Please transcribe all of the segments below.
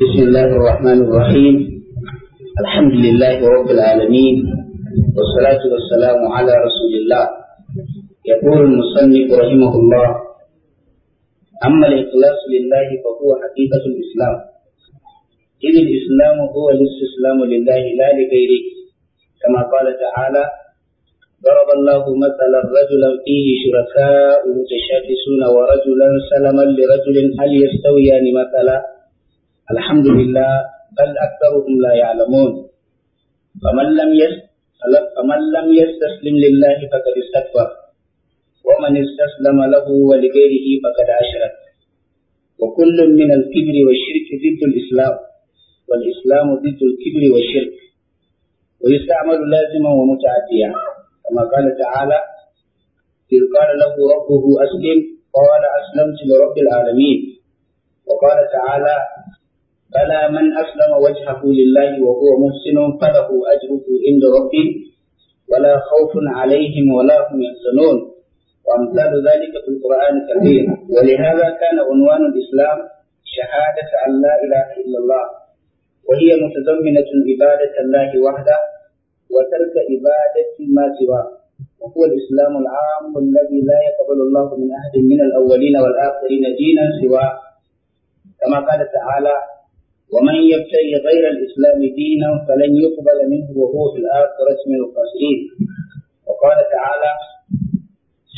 بسم الله الرحمن الرحيم الحمد لله رب العالمين والصلاة والسلام على رسول الله يقول المصنف رحمه الله أما الإخلاص لله فهو حقيقة الإسلام إذ الإسلام هو الاستسلام لله لا لغيره كما قال تعالى ضرب الله مثلا رجلا فيه شركاء متشاكسون ورجلا سلما لرجل هل يستويان مثلا الحمد لله بل أكثرهم لا يعلمون فمن لم فمن لم يستسلم لله فقد استكبر ومن استسلم له ولغيره فقد أشرك وكل من الكبر والشرك ضد الإسلام والإسلام ضد الكبر والشرك ويستعمل لازما ومتعديا كما قال تعالى إذ قال له ربه أسلم قال أسلمت لرب العالمين وقال تعالى بلى من أسلم وجهه لله وهو محسن فله أجره عند ربه ولا خوف عليهم ولا هم يحزنون وأمثال ذلك في القرآن كثير ولهذا كان عنوان الإسلام شهادة أن لا إله إلا الله وهي متضمنة عبادة الله وحده وترك عبادة ما سواه وهو الإسلام العام الذي لا يقبل الله من أحد من الأولين والآخرين دينا سواه كما قال تعالى ومن يبتغي غير الإسلام دينا فلن يقبل منه وهو في الآخرة من الخاسرين وقال تعالى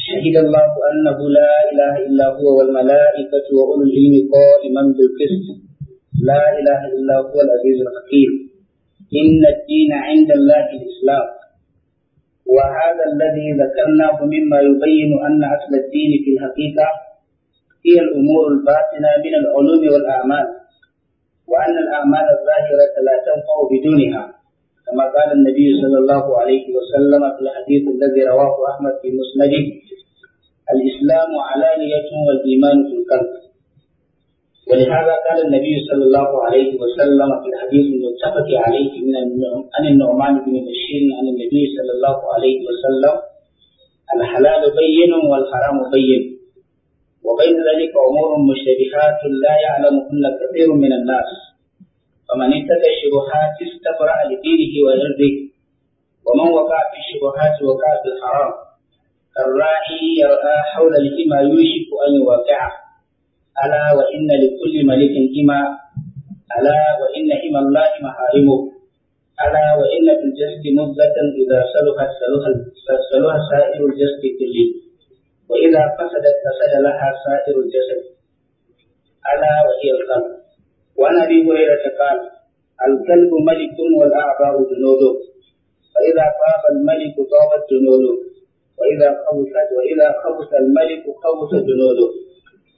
شهد الله أنه لا إله إلا هو والملائكة وأولو العلم قائما بالقسط لا إله إلا هو العزيز الحكيم إن الدين عند الله الإسلام وهذا الذي ذكرناه مما يبين أن أصل الدين في الحقيقة هي الأمور الباطنة من العلوم والأعمال وأن الأعمال الظاهرة لا تنفع بدونها كما قال النبي صلى الله عليه وسلم في الحديث الذي رواه أحمد في مسنده الإسلام علانية والإيمان في القلب ولهذا قال النبي صلى الله عليه وسلم في الحديث المتفق عليه من عن النعمان بن بشير عن النبي صلى الله عليه وسلم الحلال بين والحرام بين وبين ذلك أمور مشتبهات لا يعلمهن كثير من الناس فمن اتكى الشبهات استبرأ لدينه وجلده ومن وقع في الشبهات وقع في الحرام الراعي يرعى حول الإما يوشك أن يواقعه ألا وإن لكل ملك إما ألا وإن إما الله محارمه ألا وإن في الجسد مضغة إذا سلوها سائر الجسد كله وإذا فسدت فسد لها سائر الجسد ألا وهي القلب وعن أبي هريرة قال القلب ملك والأعضاء جنوده فإذا طاب الملك طابت جنوده وإذا خبثت وإذا خبث الملك خبث جنوده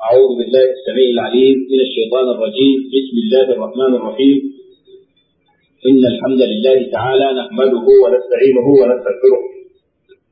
أعوذ بالله السميع العليم من الشيطان الرجيم بسم الله الرحمن الرحيم إن الحمد لله تعالى نحمده ونستعينه ونستغفره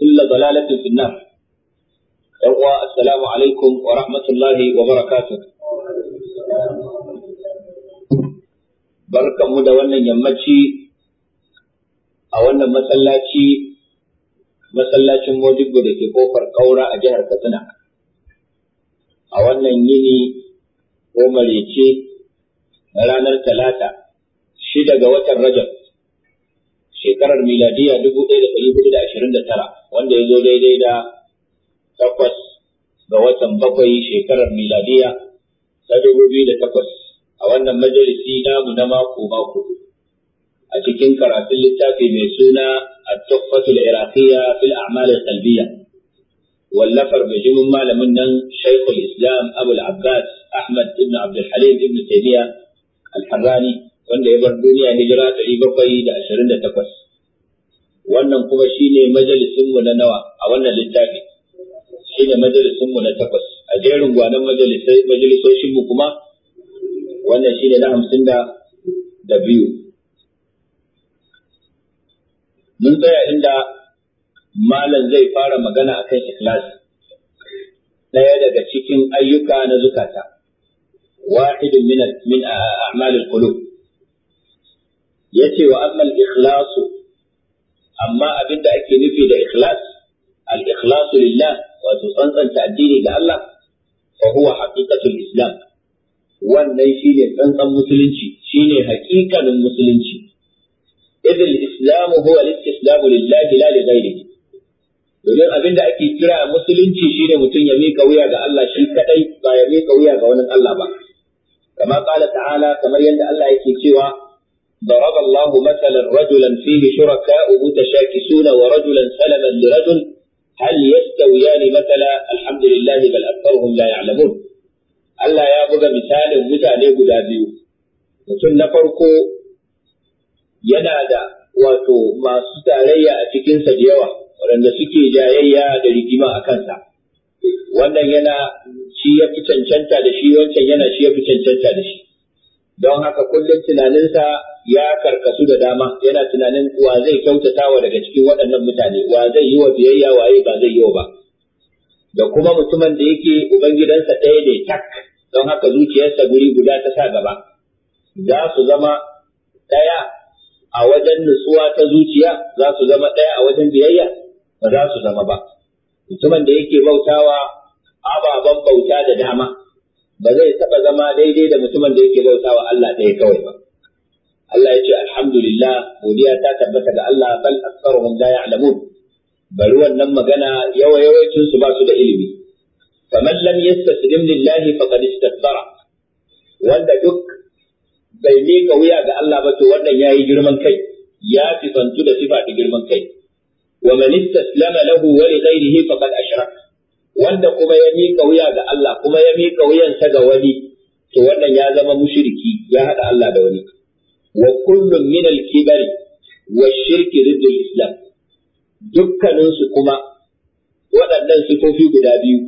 وكل ضلالة في النار يوى السلام عليكم ورحمة الله وبركاته barkan mu da wannan yammaci a wannan masallaci masallacin Modibbo da ke ƙofar ƙaura a jihar Katsina a wannan yini ko marece ranar talata shida ga watan Rajab shekarar miladiya 1429 wanda ya zo daidai da takwas ga watan bakwai shekarar miladiya ta 2008 a wannan majalisi namu na mako mako a cikin karatun littafi mai suna a tuhfatul iraqiyya fil a'mal al-qalbiyya wallafar bijimin malamin nan Shaykhul Islam Abu abbas Ahmad ibn Abdul Halim ibn Taymiyyah al-Harrani wanda ya bar duniya hijira ɗari bakwai da ashirin da takwas wannan kuma shine majalisinmu na nawa a wannan littafi shine majalisinmu na takwas a jerin gwanon majalisoshinmu kuma wannan shine na hamsin da biyu mun tsaya inda malam zai fara magana a kan ikhlas ɗaya daga cikin ayyuka na zukata wahidin min a'malil qulub Ya ce wa ammal ikhlasu amma abin da ake nufi da ikhlas al ikhlasu lillah wato tsantsanta addini ga Allah fa huwa haqiqatul islam wannan shine tsantsan musulunci shine hakikanin musulunci idh al islamu huwa al istislamu lillahi la li ghayrihi domin abin da ake kira musulunci shine mutum ya mika wuya ga Allah shi kadai ba ya mika wuya ga wani Allah ba kama kala ta'ala kamar yadda Allah yake cewa ضرب الله مثلا رجلا فيه شركاء متشاكسون ورجلا سلما لرجل هل يستويان مثلا الحمد لله بل أكثرهم لا يعلمون Allah ya buga misalin mutane guda biyu, mutum na farko yana da wato masu tarayya a cikinsa da yawa, waɗanda suke jayayya da rigima a kansa. Wannan yana shi ya fi cancanta da shi, wancan yana shi ya fi cancanta da shi. don haka kullum tunaninsa ya karkasu da dama yana tunanin wa zai kyautatawa daga cikin waɗannan mutane wa zai yi wa biyayya waye ba zai yi wa ba da kuma mutumin da yake ubangidansa ɗaya ne tak don haka zuciyarsa guri guda ta sa gaba za su zama ɗaya a wajen nutsuwa ta zuciya za su zama ɗaya a wajen biyayya ba za su zama ba mutumin da yake bautawa ababen bauta da dama ba zai taɓa zama daidai da mutumin da yake bauta wa Allah ɗaya kawai ba. Allah ya ce alhamdulillah godiya ta tabbata ga Allah bal aktsaruhum la ya'lamun bari wannan magana yawa yawancin su ba su da ilimi faman lam yastaslim lillahi faqad istakbara wanda duk bai mika wuya ga Allah ba to wannan yayi girman kai ya fifantu da sifa ta girman kai wa man istaslama lahu wa li ghayrihi faqad ashraka wanda kuma ya miƙa wuya ga Allah kuma ya miƙa wuyansa ga wani to wannan ya zama mushriki ya haɗa Allah da wani wa kullum min al-kibari wa shirki riddul islam dukkaninsu kuma waɗannan sifofi guda biyu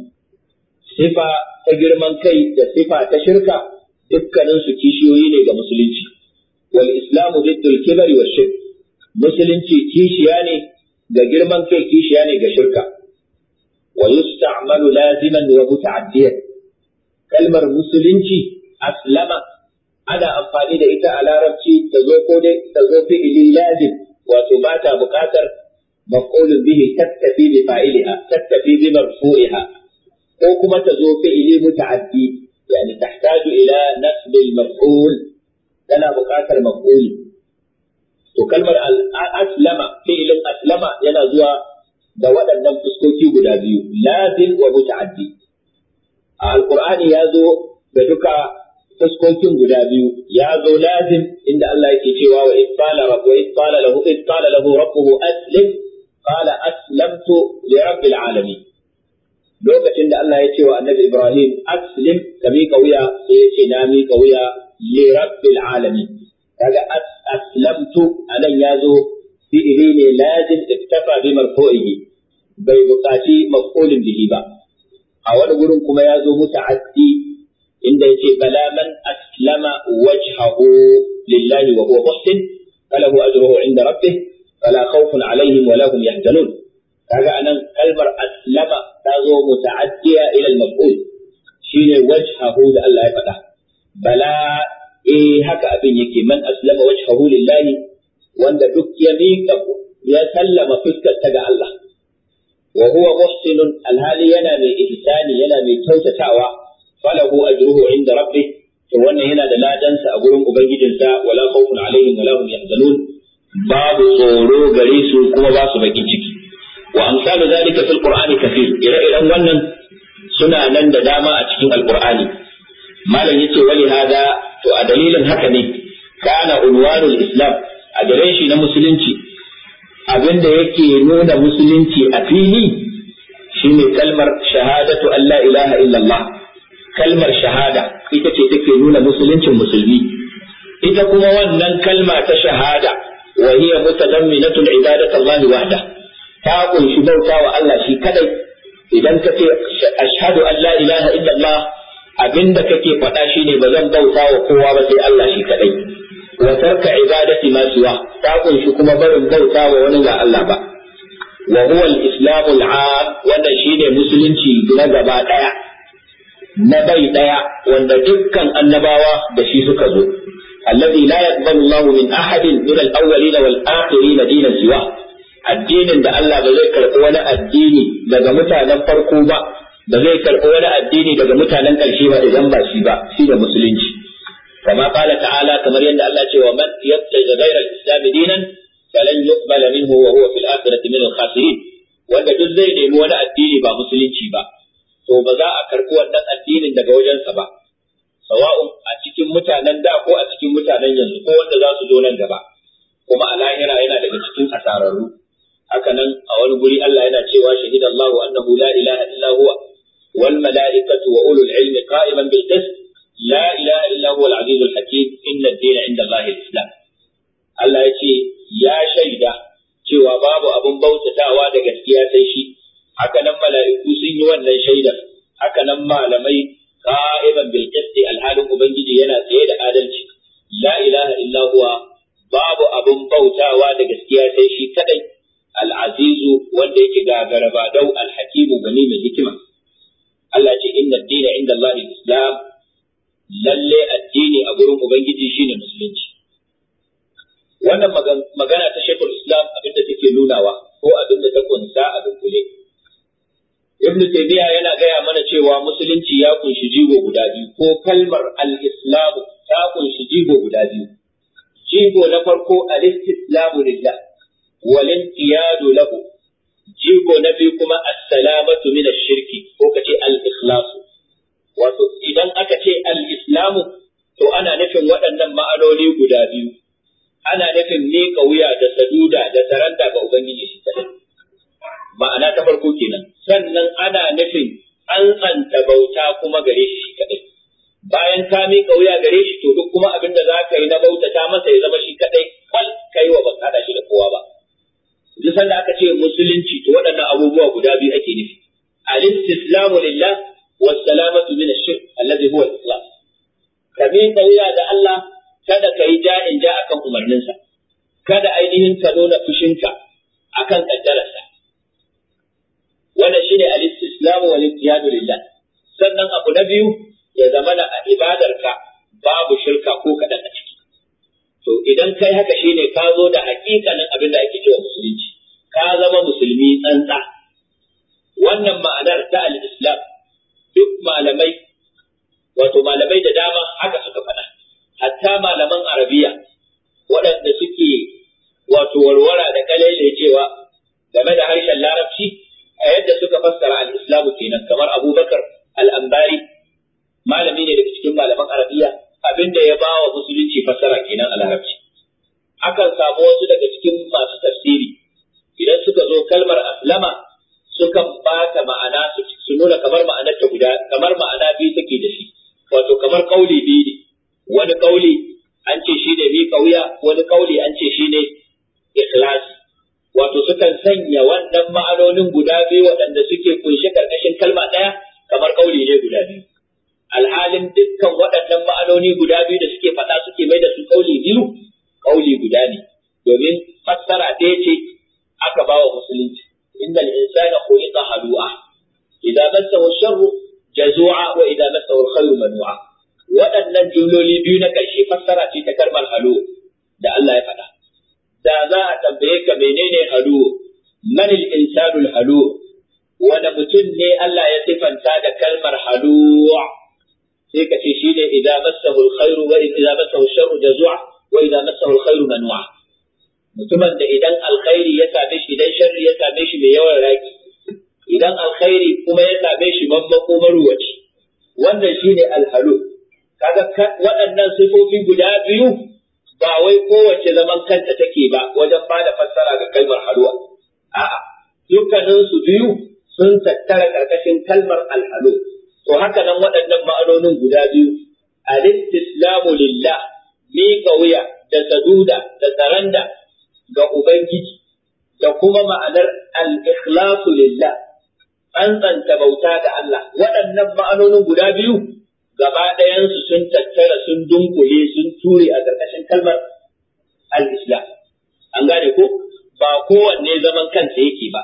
sifa ta girman kai da sifa ta shirka dukkaninsu kishiyoyi ne ga musulunci wal islamu riddul kibari wa shirki musulunci kishiya ne ga girman kai kishiya ne ga shirka ويستعمل لازما ومتعديا كلمة مسلمتي أسلم ana amfani da ita a larabci ta zo ko dai ta zo fi'ilin lazim wato ba ta buƙatar maf'ulun bihi tattafi bi fa'iliha tattafi bi marfu'iha ko kuma ta zo fi'ili muta'addi yani tahtaju ila nasb tana buƙatar to kalmar fi'ilin yana zuwa da waɗannan fuskoki guda biyu lazim wa muta'addi a alqur'ani ya zo da duka fuskokin guda biyu ya zo lazim inda Allah yake cewa wa id qala rabbu id qala lahu id qala lahu rabbuhu aslim qala aslamtu li rabbil alamin lokacin da Allah ya ce wa annabi Ibrahim aslim ka miƙa wuya sai ya ce na miƙa wuya li rabbil alamin kaga aslamtu anan ya zo fi'ili ne lazim iktafa bi marfu'ihi bai buƙaci maf'ulin bihi ba a wani gurin kuma ya zo muta'addi inda yake bala man aslama wajhahu lillahi wa huwa muhsin falahu ajruhu inda rabbih fala khawfun alaihim wa lahum yahzanun kaga anan kalmar aslama ta zo muta'addiya ila al-maf'ul shine wajhahu da Allah ya faɗa bala eh haka abin yake man aslama wajhahu lillahi wanda duk ya miƙa ya sallama fuskarta ga Allah wa huwa muhsinun alhali yana mai ihsani yana mai kyautatawa falahu ajruhu inda rabbih to wannan yana da ladansa a gurin ubangijinsa wala khawfun alaihim wala hum yahzanun babu tsoro gare su kuma ba su bakin ciki wa amsalu zalika fil qur'ani kathir ire-iren wannan suna nan da dama a cikin alqur'ani malam yace wali hada to a dalilin haka ne kana unwanul islam a gare shi na musulunci abinda yake nuna musulunci a fili shine kalmar shahadatu Allah ilaha illallah kalmar shahada ita ce take nuna musuluncin musulmi ita kuma wannan kalma ta shahada wa hiya mutadamminatul ibadatu Allah wahda ta kunshi bauta wa Allah shi kadai idan ka ce ashhadu an la ilaha illallah abinda kake faɗa shine ba zan bauta wa kowa ba sai Allah shi kadai wa tarka ibadati ma siwa ta kunshi kuma barin bauta wa wani ga Allah ba wa huwa al-islamu al-aam shine musulunci na gaba daya na bai daya wanda dukkan annabawa da shi suka zo alladhi la yaqbalu Allahu min ahadin min al-awwalin wal-akhirin dinan siwa addinin da Allah ba zai karɓi wani addini daga mutanen farko ba ba zai karɓi wani addini daga mutanen ƙarshe ba idan ba shi ba shi da musulunci kama qala ta'ala kamar yadda Allah ce wa man yabtaji ghayra al-islam dinan falan yuqbala minhu wa huwa fil akhirati min wanda duk zai nemi wani addini ba musulunci ba to ba za a karɓi wannan addinin daga wajensa ba sawa'un a cikin mutanen da ko a cikin mutanen yanzu ko wanda za su zo nan gaba kuma a lahira yana daga cikin asararru haka nan a wani guri Allah yana cewa shahidallahu annahu la ilaha illa huwa wal mala'ikatu wa ulul ilmi qa'iman bil qist la ilaha illa huwa al-aziz al-hakim inna ad-din inda Allah al-islam Allah ya ce ya shaida cewa babu abin bautatawa da gaskiya sai shi haka nan mala'iku sun yi wannan shaidar haka nan malamai qa'iman bil qist alhalin ubangiji yana tsaye da adalci la ilaha illa huwa babu abin bautawa da gaskiya sai shi kadai Alazizu wanda yake gagara ba dau Alhakimu gani mai hikima Allah ce inna ad-dina inda Allah al-islam lalle addini a gurin ubangiji shine musulunci wannan magana ta shekul islam abinda take nunawa ko abinda ta kunsa a dunkule ibnu taymiya yana gaya mana cewa musulunci ya kunshi jigo guda biyu ko kalmar al-islam ta kunshi jigo guda biyu jigo na farko al-istislamu lillah wal inqiyadu lahu jigo na biyu kuma as-salamatu min ash-shirki ko kace al-ikhlasu wato idan aka ce al-islamu to ana nufin waɗannan ma'anoni guda biyu ana nufin ne wuya da saduda da taranta ga ubangiji shi ma'ana ta farko kenan sannan ana nufin an tsanta bauta kuma gare shi kadai. bayan ka miƙa wuya gare shi to duk kuma abin da za ka yi na bauta ta masa ya zama shi kadai, kwal kai wa ban haɗa shi da kowa ba duk sanda aka ce musulunci to waɗannan abubuwa guda biyu ake nufi al-islamu lillah والسلامة من الشرك الذي هو الإخلاص كمين قوية دا الله kada ka yi ja'in ja akan umarninsa, kada ainihin ka nuna fushinka akan kaddararsa. Wannan shine al-islamu wal lillah. Sannan abu na biyu ya zama na ibadarka babu shirka ko kaɗan a ciki. To idan kai haka shi ne ka zo da hakikanin abin da ake cewa musulunci, ka zama musulmi tsantsa. Wannan ma'anar ta al-islam duk malamai wato malamai da dama haka suka faɗa hatta malaman arabiya waɗanda suke wato warwara da kalele cewa game da harshen larabci a yadda suka fassara al-islamu kenan kamar abubakar al malami ne daga cikin malaman arabiya abinda ya bawa wa musulunci fassara kenan a larabci akan samu wasu daga cikin masu tafsiri idan suka zo kalmar aslama sukan ba ta ma'ana su nuna kamar ma'anar ta guda kamar ma'ana biyu take da shi wato kamar kauli biyu ne wani kauli an ce shi ne miƙa kauya wani kauli an ce shi ne ikhlas wato sukan sanya wannan ma'anonin guda biyu waɗanda suke kunshe karkashin kalma ɗaya kamar kauli ne guda biyu alhalin dukkan waɗannan ma'anoni guda biyu da suke faɗa suke mai da su kauli biyu kauli guda ne domin fassara ɗaya ce aka ba wa musulunci innal insana khuliqa halu'a idza massahu sharru jazu'a wa idza massahu alkhairu waɗannan jumloli biyu na ƙarshe fassara ce ta kalmar halu da Allah ya faɗa da za a tambaye ka menene halu man al-insanu halu wani mutum ne Allah ya sifanta da kalmar halu'a sai ka ce shi ne idan massahu alkhairu wa idan massahu sharru jazu'a wa idan massahu alkhairu manu'a mutumin da idan alkhairi ya same shi idan sharri ya same shi mai yawan raki idan alkhairi kuma ya same shi mammako maruwaci wannan shine alhalu kaga waɗannan sifofi guda biyu ba wai kowace zaman kanta take ba wajen ba da fassara ga kalmar halwa a'a dukkanin su biyu sun tattara karkashin kalmar alhalu to haka nan waɗannan ma'anonin guda biyu al-istislamu lillah miƙa wuya da saduda da saranda ga Ubangiji da kuma ma'anar al-ikhlasu lillah tsanta bauta ga Allah waɗannan ma'anonin guda biyu gaba ɗayansu sun tattara sun dunkule sun ture a ƙarƙashin kalmar al-islam an gane ko ba kowanne zaman kansa yake ba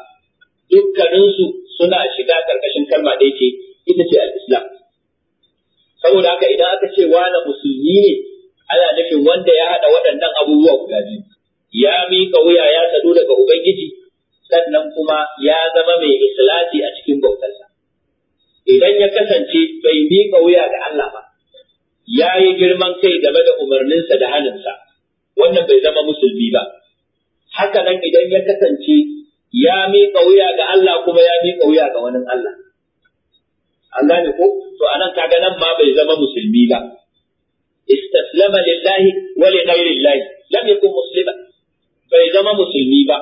dukkaninsu suna shiga ƙarƙashin kalma da yake ita ce al-islam saboda haka idan aka ce wani musulmi ne ana nufin wanda ya haɗa waɗannan abubuwa guda biyu ya miƙa wuya ya sadu daga Ubangiji sannan kuma ya zama mai ikhlasi a cikin bautarsa. Idan ya kasance bai miƙa wuya ga Allah ba, ya yi girman kai game da umarninsa da haninsa, wannan bai zama musulmi ba. Haka nan idan ya kasance ya miƙa wuya ga Allah kuma ya miƙa wuya ga wani Allah. An gane ko? To anan kaga nan ma bai zama musulmi ba. wa li ولغير الله lam yakun musliman. bai zama musulmi ba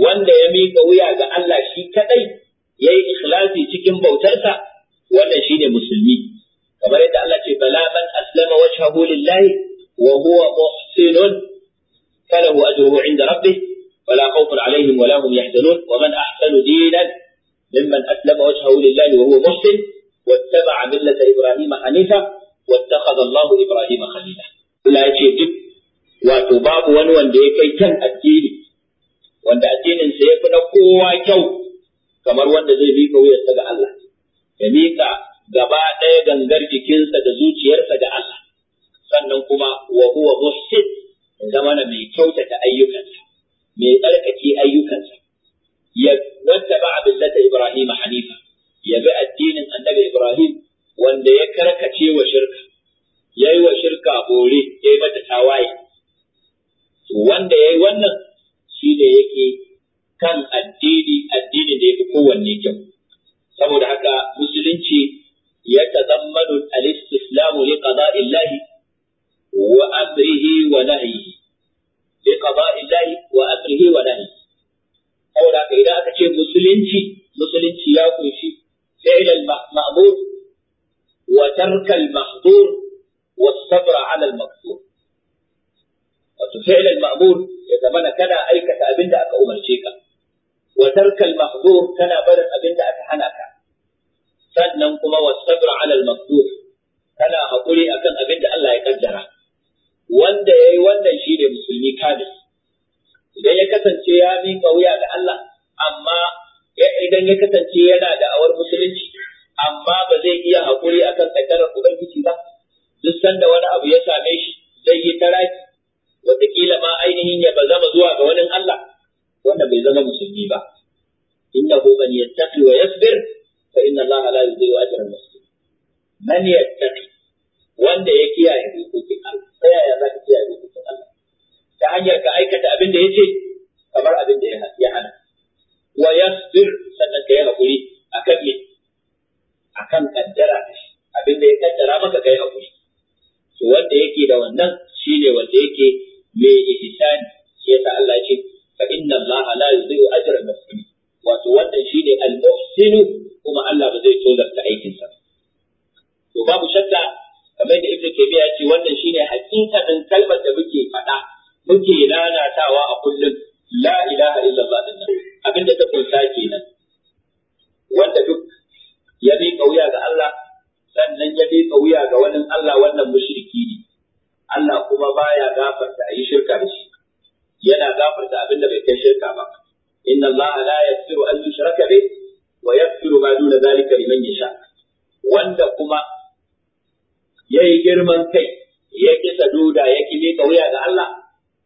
wanda ya miƙa wuya ga Allah shi kadai ya yi ikhlasi cikin bautarsa wannan shi ne musulmi kamar yadda Allah ce bala man aslama wajhahu lillahi wa huwa muhsinun falahu ajruhu inda rabbih wala khawfun alaihim wala hum yahzanun wa man ahsanu dinan mimman aslama wajhahu lillahi wa huwa muhsin wattaba'a millata ibrahima hanifa wattakhadha Allahu ibrahima khalila Allah ya ce duk wato babu wani wanda ya kai kyan addini wanda addininsa ya fi na kowa kyau kamar wanda zai miƙa wuyarsa ga Allah ya miƙa gaba ɗaya gangar jikinsa da zuciyarsa ga Allah sannan kuma wa huwa muhsin zama na mai kyautata ayyukansa mai tsarkake ayyukansa ya wanda ba abillata Ibrahim Hanifa ya bi addinin annabi Ibrahim wanda ya karkace wa shirka yayi wa shirka bore yayi mata tawaye to wanda yayi wannan shi ne yake kan addini addini da fi kowanne kyau saboda haka musulunci ya tazammanu al-istislamu li qada'illahi wa amrihi wa nahyihi li qada'illahi wa amrihi wa nahyihi saboda haka idan aka ce musulunci musulunci ya kunshi fi'l al-ma'mur wa tarka al-mahdhur wa sabra 'ala al wato fi'lal ma'mur ya zamana kana aikata abin da aka umarce ka wa tarkal mahzur kana barin abinda aka hana ka sannan kuma wasabr ala al maqdur kana hakuri akan abinda Allah ya kaddara wanda yayi wannan shine musulmi kamil idan ya kasance ya miƙa wuya ga Allah amma idan ya kasance yana da awar musulunci amma ba zai iya haƙuri akan tsakarar ubangiji ba duk sanda wani abu ya same shi zai yi taraki wataƙila ma ainihin ya ba zama zuwa ga wani Allah wannan bai zama musulmi ba Inna hu man yattaqi wa yasbir fa inna Allah la yudhi'u ajra al-muslimin man yattaqi wanda ya kiyaye dokokin Allah sai yaya za ka kiyaye dokokin Allah ta hanyar ka aikata abin da ya ce kamar abin da ya hana wa yasbir sannan ka yi haƙuri akan me akan kaddara abin da ya kaddara maka ka yi haƙuri wanda yake da wannan shine wanda yake Me ya mai ihsani shi yasa Allah ce fa inna Allah la yudhi'u ajra al-muhsinin wato wannan shine al-muhsin kuma Allah ba zai tozarta aikin sa to babu shakka kamar da Ibn Taymiyyah ya ce wannan shine hakikatin kalmar da muke faɗa muke lalatawa a kullum la ilaha illallah din abinda ta kunsa kenan wanda duk ya miƙa wuya ga Allah sannan ya miƙa wuya ga wani Allah wannan mushriki ne Allah kuma baya gafarta a yi shirka da shi yana gafarta abinda bai kai shirka ba inna Allah la yaghfiru an yushraka bih wa yaghfiru ma duna zalika liman yasha wanda kuma yayi girman kai ya ki saduda ya ki mika wuya ga Allah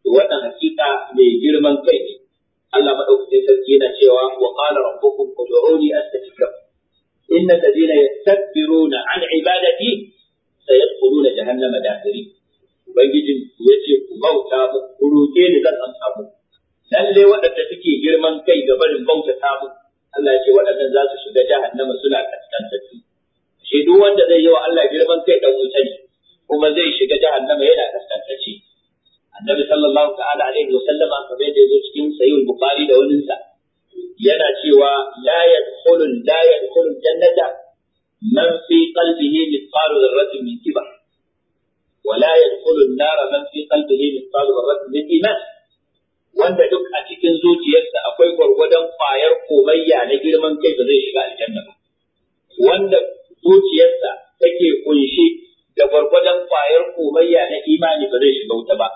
to wannan hakika mai girman kai ne Allah madaukakin sarki yana cewa wa qala rabbukum ud'uni astajib lakum inna alladhina yastakbiruna an ibadati sayadkhuluna jahannama dakhirin ubangijin ya ce ku bauta mu ku roƙe ni zan amsa mu lalle waɗanda suke girman kai ga barin bauta ta mu Allah ya ce waɗannan za su shiga jahannama suna kaskantattu shi duk wanda zai yi wa Allah girman kai dan wuta ne kuma zai shiga jahannama yana kaskantacce annabi sallallahu ta'ala alaihi wa sallama kamar da yazo cikin sayyid bukhari da wani sa yana cewa la yadkhulul la yadkhulul jannata man fi qalbihi mithqalu dharratin min kibar wala yadkhulu an-nar man fi qalbihi mithqalu dharratin min wanda duk a cikin zuciyarsa akwai gwargwadon kwayar komayya na girman kai ba zai shiga aljanna ba wanda zuciyarsa take kunshi da gwargwadon kwayar komayya na imani ba zai shiga wuta ba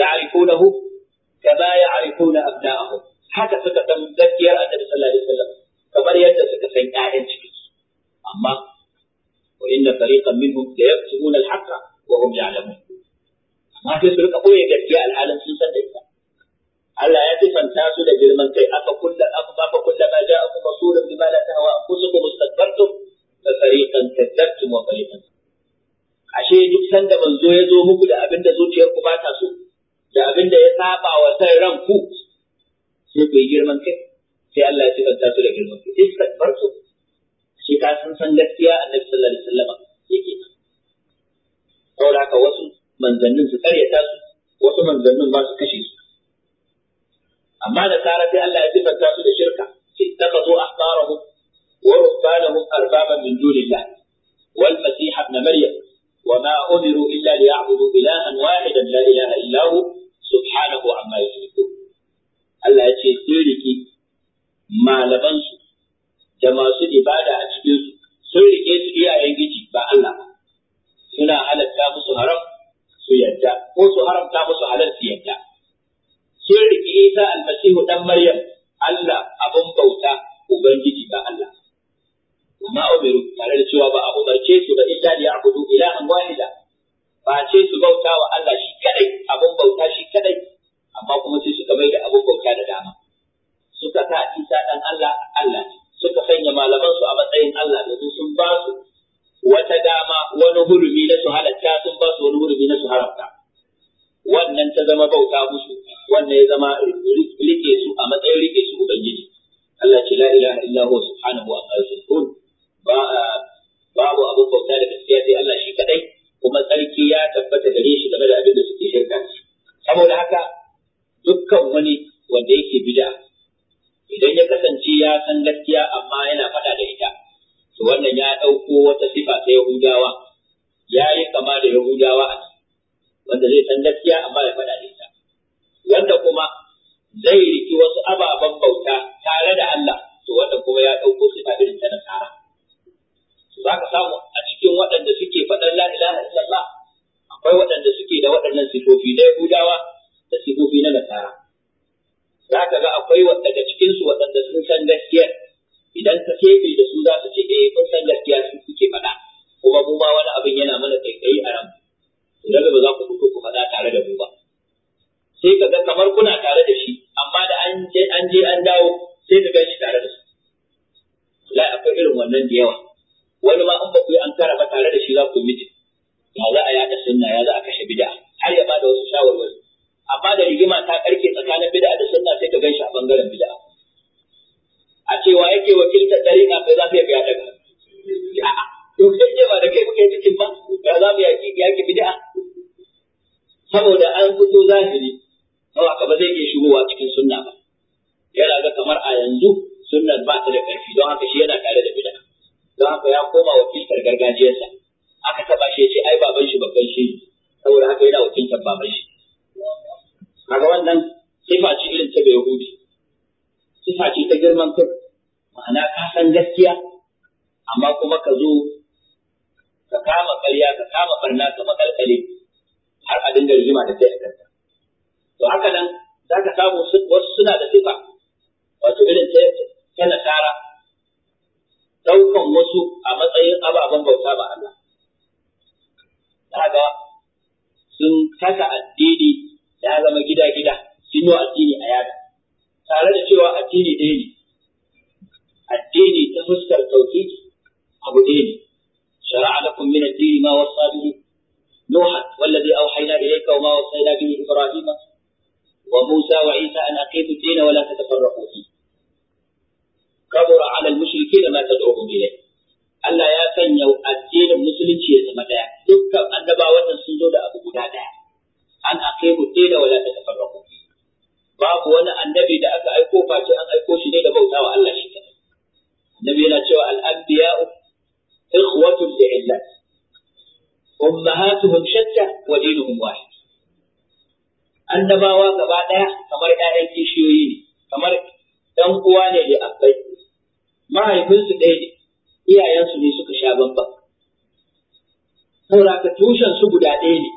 ya'rifunahu kama ya'rifuna abna'ahum haka suka san gaskiyar annabi sallallahu alaihi wasallam kamar yadda suka san ƴaƴan cikin amma wa inna fariqan minhum la yaktubuna al-haqqa wa hum ya'lamun amma sai su rika koyi gaskiya alhalin sun san da ita Allah ya sifanta su da girman kai aka kulla aka ba kulla ma ja'akum rasulun bima la tahwa anfusukum istakbartum fa ashe duk sanda manzo ya zo muku da abinda zuciyarku ba ta so da abin da ya saba wa san ran ku sai ku girman kai sai Allah ya sifanta su da girman kai istakbartu shi ka san san gaskiya annabi sallallahu alaihi wasallam yake nan saboda haka wasu manzannin su karyata su wasu manzannin ba su kashe su amma da tsara sai Allah ya sifanta su da shirka sai takazo ahbarahum wa rubbanahum arbaba min dunillah wal masih ibn maryam وما أمروا إلا ليعبدوا إلها واحدا لا إله إلا هو subhanahu amma yusriku Allah ya ce sun rike malamansu su da masu ibada a cikin su sun rike su iyayen giji ba Allah suna halatta musu haram su yadda ko su haramta musu halal su yadda sun riki Isa almasihu dan Maryam Allah abun bauta ubangiji ba Allah amma umiru tare da cewa ba a umarce su ba illa liya'budu ilahan wahida face su bauta wa Allah shi kadai abin bauta shi kadai amma kuma sai suka mai da abun bauta da dama suka sa Isa dan Allah Allah suka sanya malaman su a matsayin Allah domin sun ba su wata dama wani hurumi na su halatta sun ba su wani hurumi na su haramta wannan ta zama bauta musu wannan ya zama rike su a matsayin rike su ubangiji Allah ce la ilaha illa huwa subhanahu wa ta'ala ba babu abin bauta da gaskiya sai Allah shi kadai kuma tsarki ya tabbata gare shi game da abin da suke shirka saboda haka dukkan wani wanda yake bida idan ya kasance ya san gaskiya amma yana faɗa da ita to wannan ya ɗauko wata sifa ta yahudawa ya yi kama da yahudawa a wanda zai san gaskiya amma ya faɗa da ita wanda kuma zai riki wasu ababen bauta tare da Allah to wanda kuma ya ɗauko sifa irin ta nasara za ka samu a cikin waɗanda suke faɗan la ilaha illallah akwai waɗanda suke da waɗannan sifofi na Yahudawa da sifofi na Nasara. Za ka ga akwai daga cikinsu waɗanda sun san gaskiya idan ka kefe da su za su ce eh kun san gaskiya su suke faɗa kuma mu ma wani abin yana mana kaikayi a ran idan ba za ku fito ku faɗa tare da mu ba. Sai ka ga kamar kuna tare da shi amma da an je an dawo sai ka gan shi tare da su. Lai akwai irin wannan da yawa. wani ma in ba ku yi an kara ba tare da shi za ku miji ya za a yaɗa sunna ya za a kashe bid'a har ya bada wasu shawarwari amma da rigima ta karke tsakanin bid'a da sunna sai ka gan shi a bangaren bid'a a cewa yake wakilta dariƙa kai za ka yi ya daga a'a to sai ce ba da kai muka cikin ba ya za mu yaki yaki bid'a saboda an fito zahiri kawai ka ba zai iya shigowa cikin sunna ba yana ga kamar a yanzu sunnan ba ta da ƙarfi don haka shi yana tare da don haka ya koma wakiltar gargajiyarsa aka taba shi ce, ai baban shi babban shi saboda haka yana wakiltar baban shi kaga wannan sifa ce irin ta yahudi sifa ce ta girman kai ma'ana ka san gaskiya amma kuma ka zo ka kama ƙarya ka kama barna ka makalkale har a dinga rigima da kai a kanta to haka nan za ka samu wasu suna da sifa wato irin ta nasara daukan wasu a matsayin ababen bauta ba Allah. Daga sun kasa addini ya zama gida-gida, sun yi addini a yada. Tare da cewa addini ɗaya ne, addini ta fuskar tauki abu ɗaya ne. Shari'a da kun min addini ma wasu bihi Nuha, wanda zai auha yana ɗaya kawo ma wasu sabi Ibrahim wa Musa wa Isa ana kai ku dina wala ta tafarraku fihi. kabura alal mushriki da ma tad'uhum ilayhi Allah ya sanya addinin musulunci ya zama daya dukkan annabawan nan sun zo da abu guda daya an aqimu dina wala tatafarraqu babu wani annabi da aka aiko face an aiko shi ne da bautawa Allah shi kadai annabi yana cewa al anbiya'u ikhwatu li'illat ummahatuhum shatta wa dinuhum wahid annabawa gaba daya kamar ƴaƴan kishiyoyi ne kamar dan uwa ne da abai mahaifinsu ɗaya ne iyayensu ne suka sha bambam. saboda ka tushen su guda ɗaya ne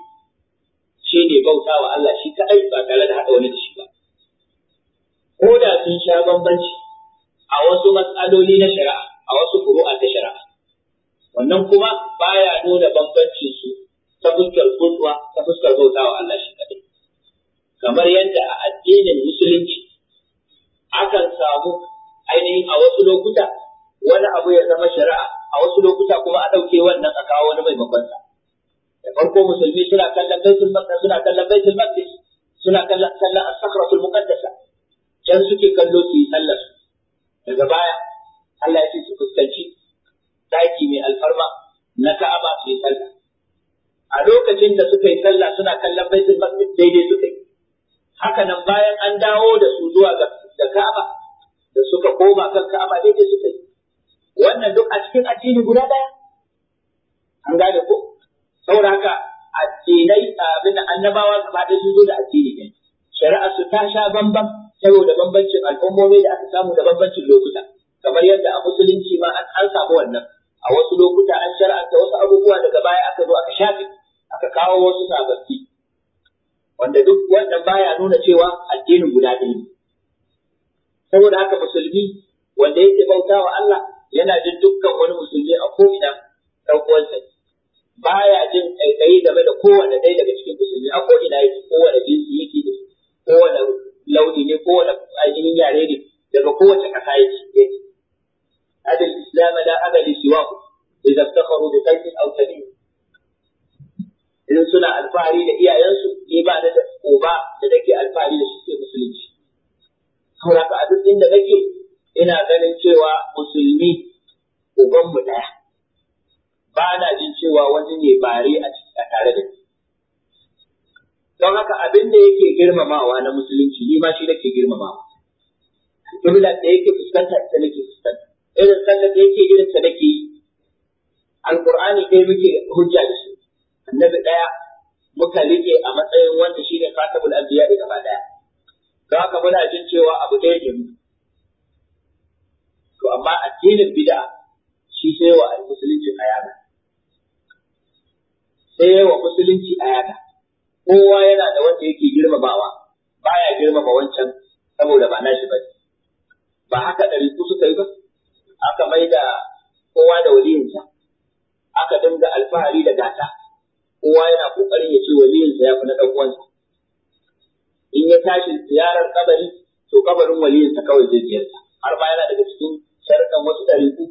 shi ne bauta wa Allah shi kaɗai ba tare da haɗa wani da shi ba ko da sun sha bambanci a wasu matsaloli na shari'a a wasu kuru'a ta shari'a wannan kuma baya nuna bambancin su ta fuskar kultuwa ta fuskar bauta wa Allah shi kaɗai kamar yadda a addinin musulunci akan samu ainihin a wasu lokuta wani abu ya zama shari'a a wasu lokuta kuma a ɗauke wannan a kawo wani mai makonsa. Da farko musulmi suna kallon baitul maqdis suna kallon baitul maqdis suna kallon kallon as-sakratul muqaddasa can suke kallo su yi sallar daga baya Allah ya ce su fuskanci daki mai alfarma na Ka'aba su yi sallah. A lokacin da suka yi sallah suna kallon baitul maqdis daidai suka yi. Haka nan bayan an dawo da su zuwa ga Ka'aba da suka koma kan Ka'aba dai suka yi wannan duk a cikin addini guda daya an gane ko saboda haka addinai abin annabawa gaba da sun zo da addini ne shari'a su ta sha bambam saboda bambancin al'ummomi da aka samu da bambancin lokuta kamar yadda a musulunci ma an samu wannan a wasu lokuta an shar'anta wasu abubuwa daga baya aka zo aka shafe aka kawo wasu sababbi wanda duk wannan baya nuna cewa addinin guda ɗaya ne saboda haka musulmi wanda yake bauta wa Allah yana jin dukkan wani musulmi a ko'ina ɗan uwansa baya jin ƙaiƙayi game da kowane ɗaya daga cikin musulmi a ko'ina yake kowane jinsi yake ne kowane launi ne kowane ainihin yare ne daga kowace ƙasa yake idan الإسلام لا أمل سواه tabi افتخروا suna alfahari da إذن ni ba لإيا da إيبا ندا أوبا da shi لشيء musulunci. Saboda haka a duk inda nake ina ganin cewa musulmi ubanmu ɗaya. Ba na jin cewa wani ne bare a tare da ni. Don haka abin da yake girmamawa na musulunci ni ma shi nake girmamawa. Kibla da yake fuskanta ita nake fuskanta. Irin sallar da yake irin ta nake yi. Alƙur'ani ɗaya muke hujja da shi. Annabi ɗaya muka rike a matsayin wanda shi ne fatabul anbiya gaba ɗaya. don haka muna jin cewa abu ɗaya ke mu to amma addinin bid'a shi sai wa musulunci ayana sai wa musulunci ayana kowa yana da wanda yake girmamawa baya girmama wancan saboda ba nashi ba. ba haka ɗari ku suka yi ba aka mai da kowa da waliyinsa aka dinga alfahari da gata kowa yana kokarin ya ce waliyinsa ya fi na ɗan uwansa in ya tashi ziyarar kabari to kabarin waliyinsa kawai zai ziyarta har ba yana daga cikin sharuɗan wasu ɗariku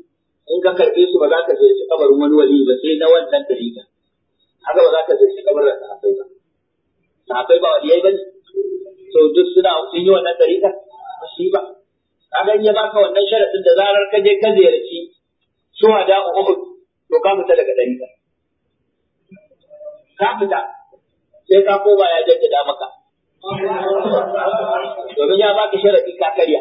in ka karɓe su ba za ka ziyarci kabarin wani wali ba sai na wannan ɗariƙa haka ba za ka ziyarci kabarin sahabbai ba sahabbai ba waliyai ba ne to duk suna sun yi wannan ɗariƙa ba shi ba kaga in ya baka wannan sharaɗin da zarar ka je ka ziyarci shuhada uhud to ka fita daga ɗari ka fita sai ka koma ya jaddada maka domin ya baka sharaɗi ka karya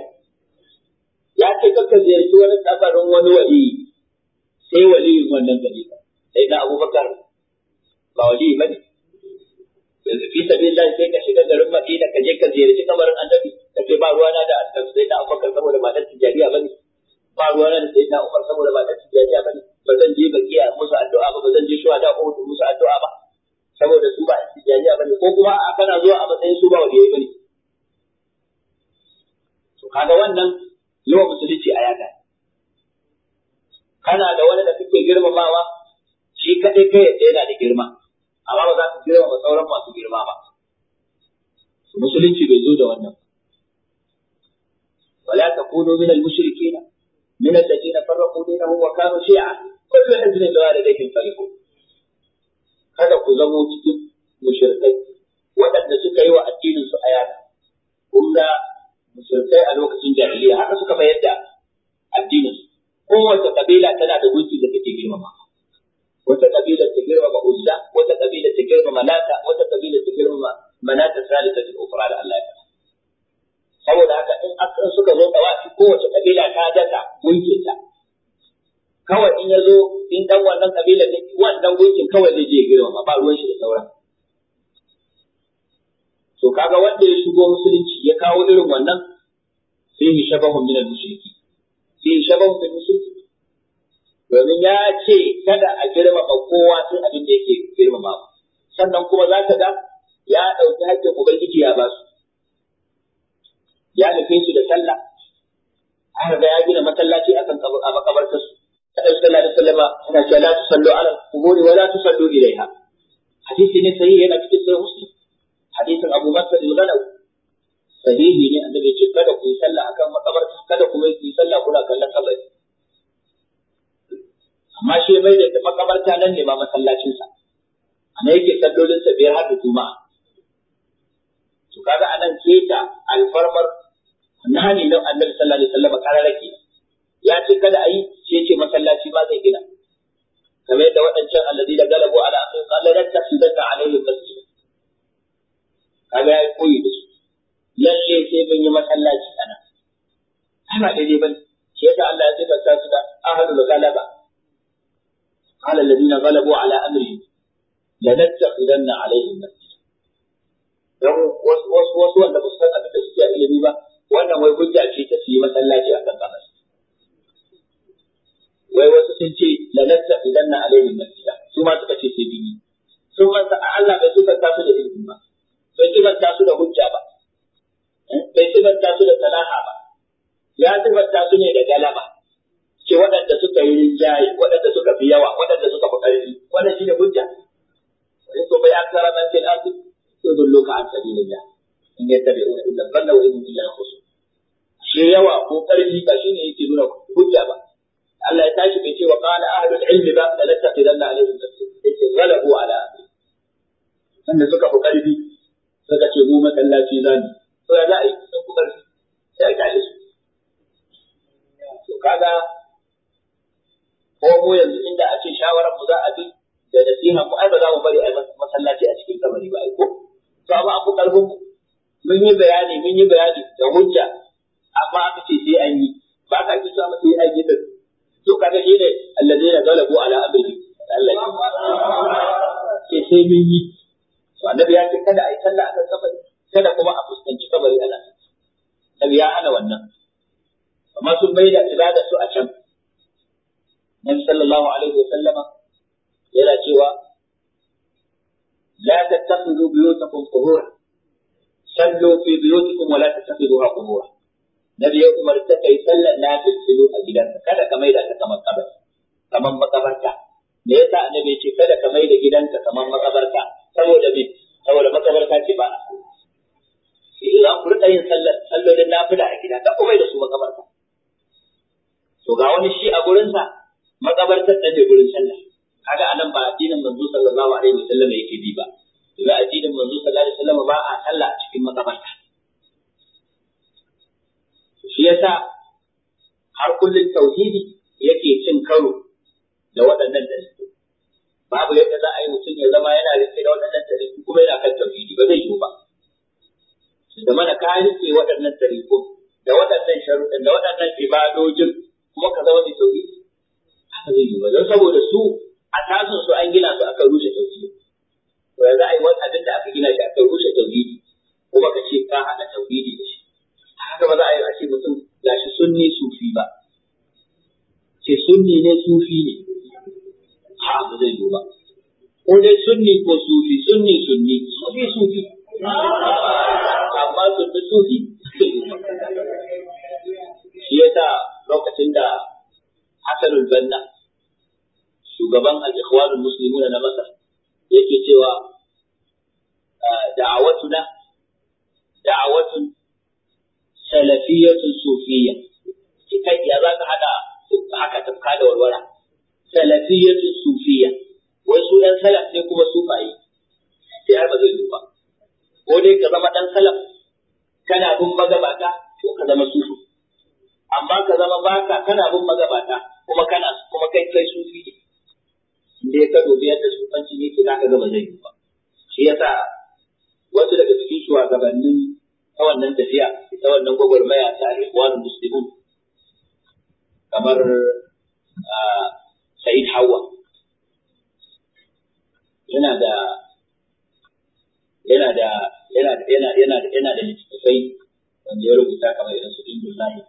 ya ce kakka ziyarci wani tsabarin wani wali sai waliyin wannan gari sai na abubakar ba wali ba ne fi sabilillah sai ka shiga garin madina ka je ka ziyarci kamarin annabi ka ce ba na da annabi sai na abubakar saboda matar dan tijariya ba ne ba na da sai na umar saboda matar dan tijariya ba ne ba zan je bakiya musu addu'a ba ba zan je shuhada uhud musu addu'a ba saboda su ba istijaniya bane ko kuma a kana zuwa a matsayin su ba yi bane to kaga wannan yawa musulunci a yaka kana da wani da kake girmamawa shi kadai kai yadda yana da girma amma ba za ka girmama sauran masu girma ba musulunci bai zo da wannan ولا تكونوا من المشركين من الذين فرقوا دينهم وكانوا شيعا كل حزب بما لديهم فرحون kada ku zamo cikin mushirkai waɗanda suka yi wa addinin su ayana kun ga a lokacin jahiliya haka suka bayar da addinin kowace kabila tana da gunki da take girmama wata kabila ta girmama uzza wata kabila ta girmama lata wata kabila ta girmama manata salisa da ukra da Allah ya saboda haka in suka zo tsawafi kowace kabila ta dasa gunkinta kawai in ya zo in dan wannan kabilar ne wannan gunkin kawai zai je girma ba ruwan shi da sauran to kaga wanda ya shigo musulunci ya kawo irin wannan sai hi shabahu min al-mushriki sai hi shabahu min mushriki domin ya ce kada a girmama kowa sai abin da yake girmama sannan kuma za ka ga Ana cewa la tusallu ala quburi wa la tusallu ilaiha. Hadisi ne sahihi yana cikin sahih Muslim. Hadisin Abu Bakar al-Ghanawi. Sahihi ne annabi ya ce kada ku yi sallah akan makabarta kada ku yi sallah kuna kallon kabari. Amma shi mai da makabarta nan ne masallacin masallacinsa. Ana yake sa biyar har da juma'a. To kaga anan keta alfarmar nani na annabi sallallahu alaihi wasallam kararake. ya ce kada a yi sai ce masallaci ba zai gina kamar yadda waɗancan allazi da galabu ala amrin qala la tasidanna alaihi masjid kaga ya koyi da su lalle sai mun yi masallaci ana ana daidai bane shi yasa Allah ya sifanta su da ahlul galaba qala allazina galabu ala amrihim la nattakhidanna alaihim masjid dan wasu wasu wanda ba su san abin da suke ilimi ba wannan wai hujja ce ta su yi masallaci a kan kafa wai wasu sun ce lanatta idan na alaihim masjida su ma suka ce sai bini sun a Allah bai sifanta su da ilimi ba bai sifanta su da hujja ba eh, bai sifanta su da salaha ba ya sifanta su ne da galaba ce waɗanda suka yi rinjaye waɗanda suka fi yawa waɗanda suka fi ƙarfi wannan ne hujja wani so bai akara man fil ardi yudulluka an sabilillah in tabi illa dhanna wa in hum illa yakhrusun shi yawa ko ƙarfi ba ne yake nuna hujja ba Allah ya tashi bai ce wa qala ahlul ilmi ba la taqidanna alaihim tafsir yake galabu ala amri sannan suka fi karfi suka ce mu masallaci zani to ya dai sun fi karfi sai ka su to kaga ko mu yanzu inda ake shawara shawarar mu za a bi da nasiha mu ai ba za mu bari ai masallaci a cikin kabari ba ai ko to amma an fi karfin ku. mun yi bayani mun yi bayani da hujja amma aka ce sai an yi ba ka kisa mu sai an yi da to kaga shi ne allazina galabu ala amri Allah ke eh, sai mun yi to annabi ya ce kada ai sallah akan kabari kada kuma a fuskanci kabari ana annabi ya hana wannan amma sun bai da ibada su a can nan sallallahu alaihi wa sallama yana cewa la tattakhidhu biyutakum qubura sallu fi biyutikum wa la tattakhidhuha qubura na biyu umar ta kai sallar na filfilu a gidanka kada ka maida ta kamar kabar kamar makabarta me yasa annabi ce kada ka maida gidanka kamar makabarta saboda bi saboda makabarta ce ba za ku rika yin sallar sallolin nafila a gida ta kuma da su makabarta to ga wani shi a gurinsa makabartar da ne gurin sallah kaga anan ba addinin manzo sallallahu alaihi wasallam yake bi ba da addinin manzo sallallahu alaihi wasallam ba a sallah cikin makabarta yasa har kullun tauhidi yake cin karo da waɗannan dalilu babu yadda za a yi mutum ya zama yana rike da waɗannan dalilu kuma yana kan tauhidi ba zai yi ba da mana ka rike waɗannan dalilu da waɗannan sharuɗin da waɗannan ibadojin kuma ka zama mai tauhidi haka zai yi ba don saboda su a tasun su an gina su akan rushe tauhidi to yanzu a yi wani abin da aka gina shi akan rushe tauhidi kuma ka ce ka haɗa tauhidi da shi haka ba za a yi a ce mutum gashi sunni sufi ba ce sunni ne sufi ne ha ba zai yi ba ko dai sunni ko sufi sunni sunni sufi sufi amma sunni sufi shi yasa lokacin da hasanul banna shugaban al-ikhwanul muslimuna na masar yake cewa ah, da'awatuna da'awatun salafiyatul sufiyya kai ya za ka hada haka tafka da walwala salafiyatul sufiyya wai su ɗan salaf ne kuma sufaye sai har ba zai yi ba ko dai ka zama ɗan salaf kana bin magabata ko ka zama sufi amma ka zama baka kana bin magabata kuma kana kuma kai kai sufi ne dai ka dubi yadda sufanci ne ke zaka gaba zai yi ba shi yasa wasu daga cikin shugabannin ta wannan tafiya ta wannan gwagwarmaya ta al'ikwanin muslimun kamar sa'id hawa yana da yana da yana da yana yana da yana da littattafai wanda ya rubuta kamar irin su dindin lahi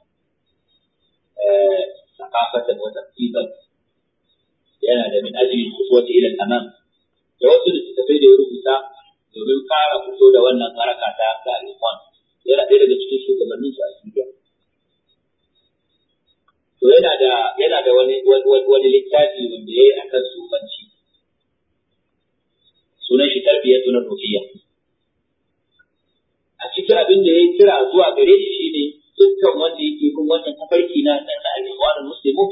eh sakafatan wa tafsiban yana da min ajli kusa wata al-amam da wasu littattafai da ya rubuta domin fara fito da wannan haraka ta ta al-ikhwan yana ɗaya daga cikin shugabannin su a Siriya to yana da yana da wani wani littafi wanda yayi akan sufanci sunan shi tarbiyatu na ruhiyya a cikin abin da yayi kira zuwa gare shi ne dukkan wanda yake bin wannan tafarki na na al-ikhwanul muslimu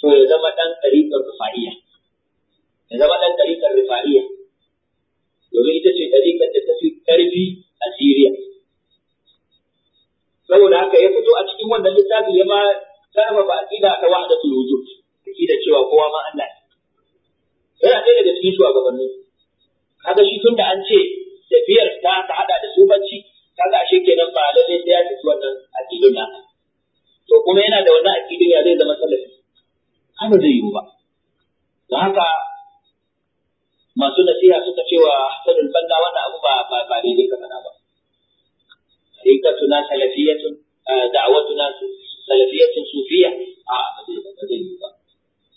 to ya zama dan tariqar rufa'iyya ya zama ɗan tariqar rufa'iyya domin ita ce tariqar da ta fi ƙarfi a Siriya saboda haka ya fito a cikin wannan littafi ya ma sarrafa aqida ta wahdatul wujud da cewa kowa ma Allah ne yana ɗaya daga cikin shugabannin kaga shi tunda an ce tafiyar ta ta hada da sufanci kaga ashe kenan ba lalle sai ya tafi wannan aqidun nan to kuma yana da wannan aqidun ya zai zama salafi haka zai yiwu ba don haka masu nasiha suka cewa sanin banda wannan abu ba ba daidai ka ba ɗinkatuna salafiyatun da'awatuna salafiyatun sufiya a ba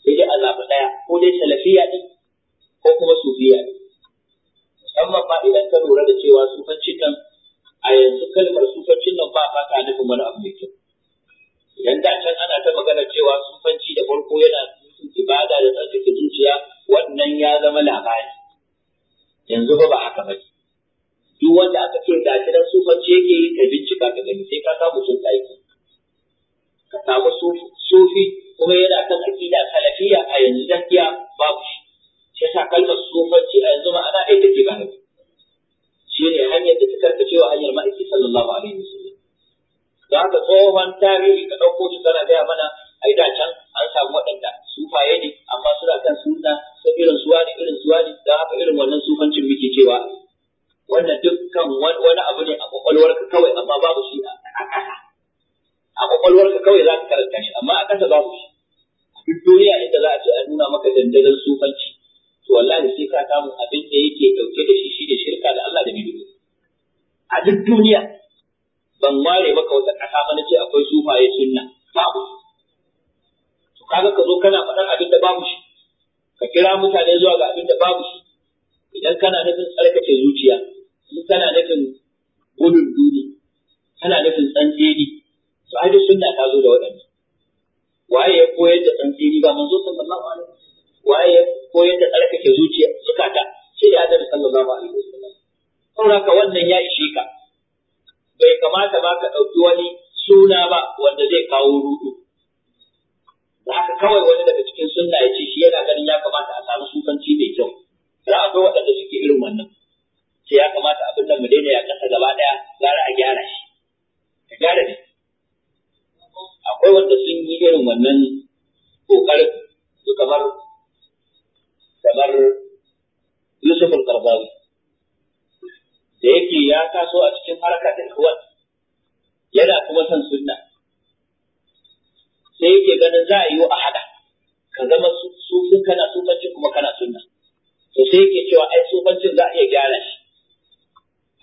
zai ba ɗaya ko dai salafiya ɗin ko kuma sufiya ɗin musamman ma idan ka lura da cewa sufancin nan a yanzu kalmar sufancin nan ba ba ta nufin wani abu mai kyau idan da can ana ta magana cewa sufanci da farko yana nufin ibada da tsarkake zuciya wannan ya zama labari yanzu ba ba haka ba ne duk wanda aka ce ga shi nan sufanci yake yi ka bincika ka gani sai ka samu sun aiki ka samu sufi kuma yana kan aqida salafiya a yanzu gaskiya babu shi shi sa kalmar sufanci a yanzu ma ana aita ce ga nabi shi ne hanyar da ta karkace cewa hanyar ma'aiki sallallahu alaihi wa sallam. da haka tsohon tarihi ka ɗauko shi tana gaya mana a da can an samu waɗanda sufaye ne amma suna kan suna sun irin suwa ne irin suwa ne don haka irin wannan sufancin muke cewa Wannan dukkan wani abu ne a kwakwalwarka kawai amma babu shi a ƙasa a kwakwalwarka kawai za ka karanta shi amma a ƙasa babu shi duk duniya inda za a ce a nuna maka dandalin sufanci to wallahi sai ka samu abin da yake dauke da shi shi ne shirka da Allah da bidiyo a duk duniya ban ware maka wata ƙasa ba na ce akwai sufaye sunna babu to kaga ka zo kana faɗar abin da babu shi ka kira mutane zuwa ga abin da babu shi idan kana nufin tsarkake zuciya ga manzo sallallahu alaihi wasallam waye ko yadda da tsarkake zuciya zukata shi da sallallahu alaihi wasallam saboda ka wannan ya ishe ka bai kamata ba ka ɗauki wani suna ba wanda zai kawo rudu da haka kawai wani daga cikin sunna ya ce shi yana ganin ya kamata a samu sufanci mai kyau za a kai waɗanda suke irin wannan sai ya kamata abin da mu daina ya kasa gaba ɗaya gara a gyara shi ka gyara ne akwai wanda sun yi irin wannan kokarin su kamar kamar Yusuf al-Qardawi da yake ya taso a cikin harkar ikhwan yana kuma son sunna sai yake ganin za a yi a hada ka zama sufin kana sufanci kuma kana sunna to sai yake cewa ai sufancin za a iya gyara shi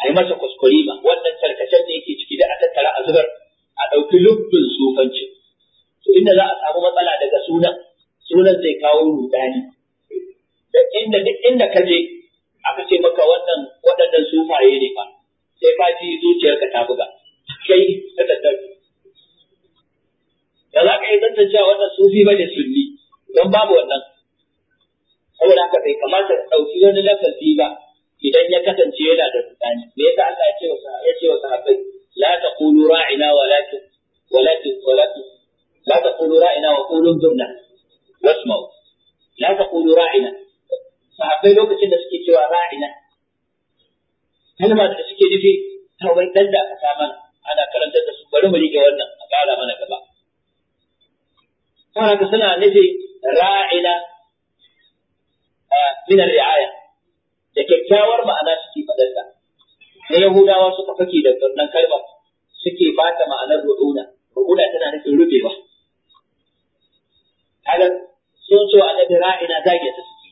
a yi masa kuskure ba wannan tarkacen da yake ciki da a tattara a zubar a ɗauki lubbin sufancin to inda za a samu matsala daga sunan sunan zai kawo rudani da inda duk inda ka je aka ce maka wannan waɗannan sufaye ne fa sai ka ji zuciyarka ta buga kai ta tattaru da za ka yi tantancewa wannan sufi bane sunni don babu wannan saboda haka bai kamata ka ɗauki wani lafazi ba idan ya kasance yana da rudani me yasa Allah ya ce wa sahabbai la taqulu ra'ina walakin walakin walakin la taqulu ra'ina wa qulu dunna wasma'u la taqulu ra'ina sahabbai lokacin da suke cewa ra'ina kalma da suke nufi ta wai dan da ana karantar da su bari mu rike wannan a ƙara mana gaba saboda suna nufi ra'ina min riaya da kyakkyawar ma'ana suke fadarta na yahudawa suka fake da wannan kalmar suke ba ma'anar ru'una ru'una tana nufin rubewa halar sun so a annabi ra'ina zage ta suke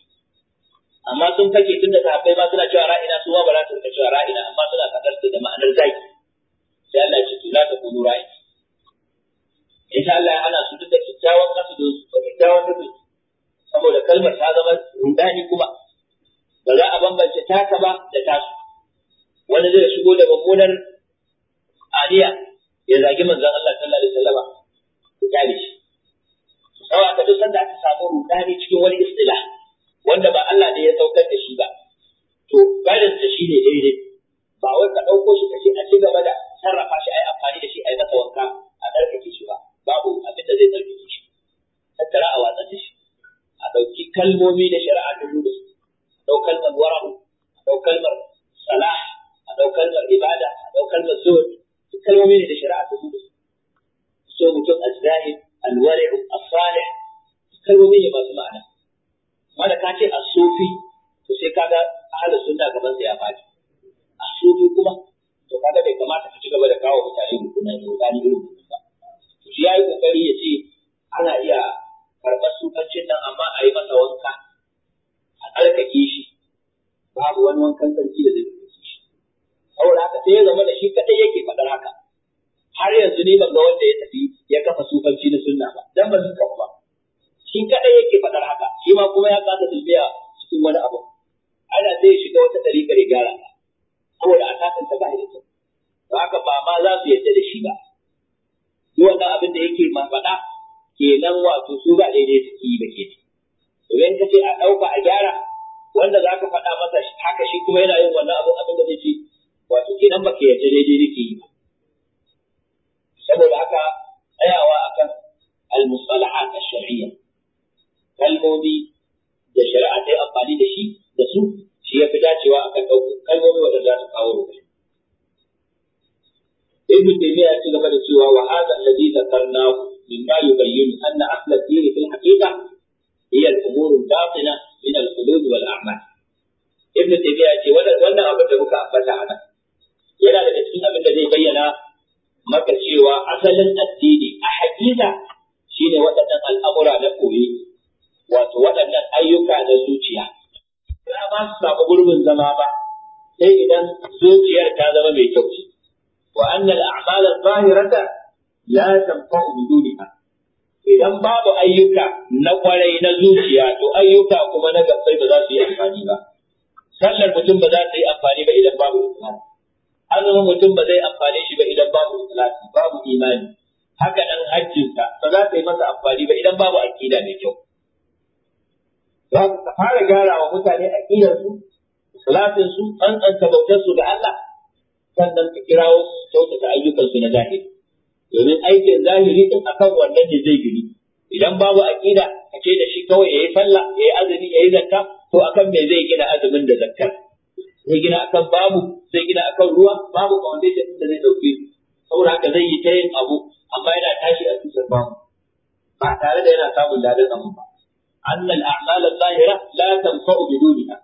amma sun fake tun da sahabbai ba suna cewa ra'ina su ba ba za su rika cewa ra'ina amma suna kaɗar su da ma'anar zage sai Allah ya ce to ta taqulu ra'ina insha Allah ya hana su duk da kyakkyawan kasu da kyakkyawan kasu saboda kalmar ta zama rudani kuma ba za a bambance taka ba da tasu wani zai shigo da mummunar aliya ya zagi manzon Allah sallallahu alaihi wasallam ya kyale shi Sawa ka duk sanda aka samu rudani cikin wani istila wanda ba Allah ne ya saukar da shi ba. To barin ta shi ne daidai. Ba wai ka ɗauko shi ka ce a ci gaba da sarrafa shi a yi amfani da shi a yi masa wanka a tsarkake shi ba. Babu abin da zai tsarkake shi. Tattara a watsa shi. A ɗauki kalmomi da shari'a ta nuna su. A ɗau kalmar wara'u. A ɗau kalmar salah. A ɗau kalmar ibada. A ɗau kalmar zuhud. Duk kalmomi ne da shari'a ta nuna su. So mutum a zahiri alwari as-salih kalmomi ne masu ma'ana amma da ka ce as-sufi to sai kaga ahlus sunna gaban sa ya faɗi as-sufi kuma to kaga bai kamata ka ci gaba da kawo mutane rukuna ne ni irin ba to shi yayi kokari ya ce ana iya karɓar sufancin nan amma a yi masa wanka a tsarkake shi babu wani wankan sarki da zai rubuce shi saboda haka sai ya zama da shi kadai yake faɗar haka har yanzu ne ban ga wanda ya tafi ya kafa sufanci na sunna ba dan ba suka ba shi kadai yake fadar haka shi ma kuma ya kasa tafiya cikin wani abu ana zai shiga wata tarika da gara saboda a ta ba ya ba haka ba ma za su yadda da shi ba shi wannan abin da yake ma faɗa kenan wato su ba daidai suke yi ba ke domin ka ce a ɗauka a gyara wanda za ka faɗa masa haka shi kuma yana yin wannan abin abin da zai ce wato kenan ba ka yadda daidai nake yi ba saboda haka tsayawa akan المصطلحات الشرعية ash-shar'iyya kalmomi da shari'a ta yi amfani da shi da su shi ya fi ابن تيمية يقول لك سوى وهذا الذي ذكرناه مما يبين أن أصل الدين في الحقيقة هي الأمور الباطنة من القلوب والأعمال. ابن تيمية يقول ولا ولا أبدا بك أبدا أنا. يلا لك أبدا الذي بينا maka cewa asalin addini a hakika shine waɗannan al'amura na koyi wato waɗannan ayyuka na zuciya ba ba su samu gurbin zama ba sai idan zuciyar ta zama mai kyau wa annal a'mala zahirata la tanfa'u bidunha idan babu ayyuka na kwarai na zuciya to ayyuka kuma na gabbai ba za su yi amfani ba sallar mutum ba za ta yi amfani ba idan babu ikhlasi zama mutum ba zai amfane shi ba idan babu salati babu imani haka nan hajjinsa ba za ta yi masa amfani ba idan babu aqida mai kyau za ku fara gyara wa mutane aqidar su salatin su tsantsanta bautar su ga Allah sannan ka kirawo su kyautata ayyukan su na zahiri domin aikin zahiri din akan wannan ne zai gini idan babu aqida ka ce da shi kawai yayi sallah yayi azumi yayi zakka to akan me zai gina azumin da zakkar zai gina akan babu zai gina akan ruwa babu ba wanda da zai dauke saboda haka zai yi ta yin abu amma yana tashi a cikin babu ba tare da yana samun dadin abu ba anna al-a'mal al-zahira la tanfa'u bidunha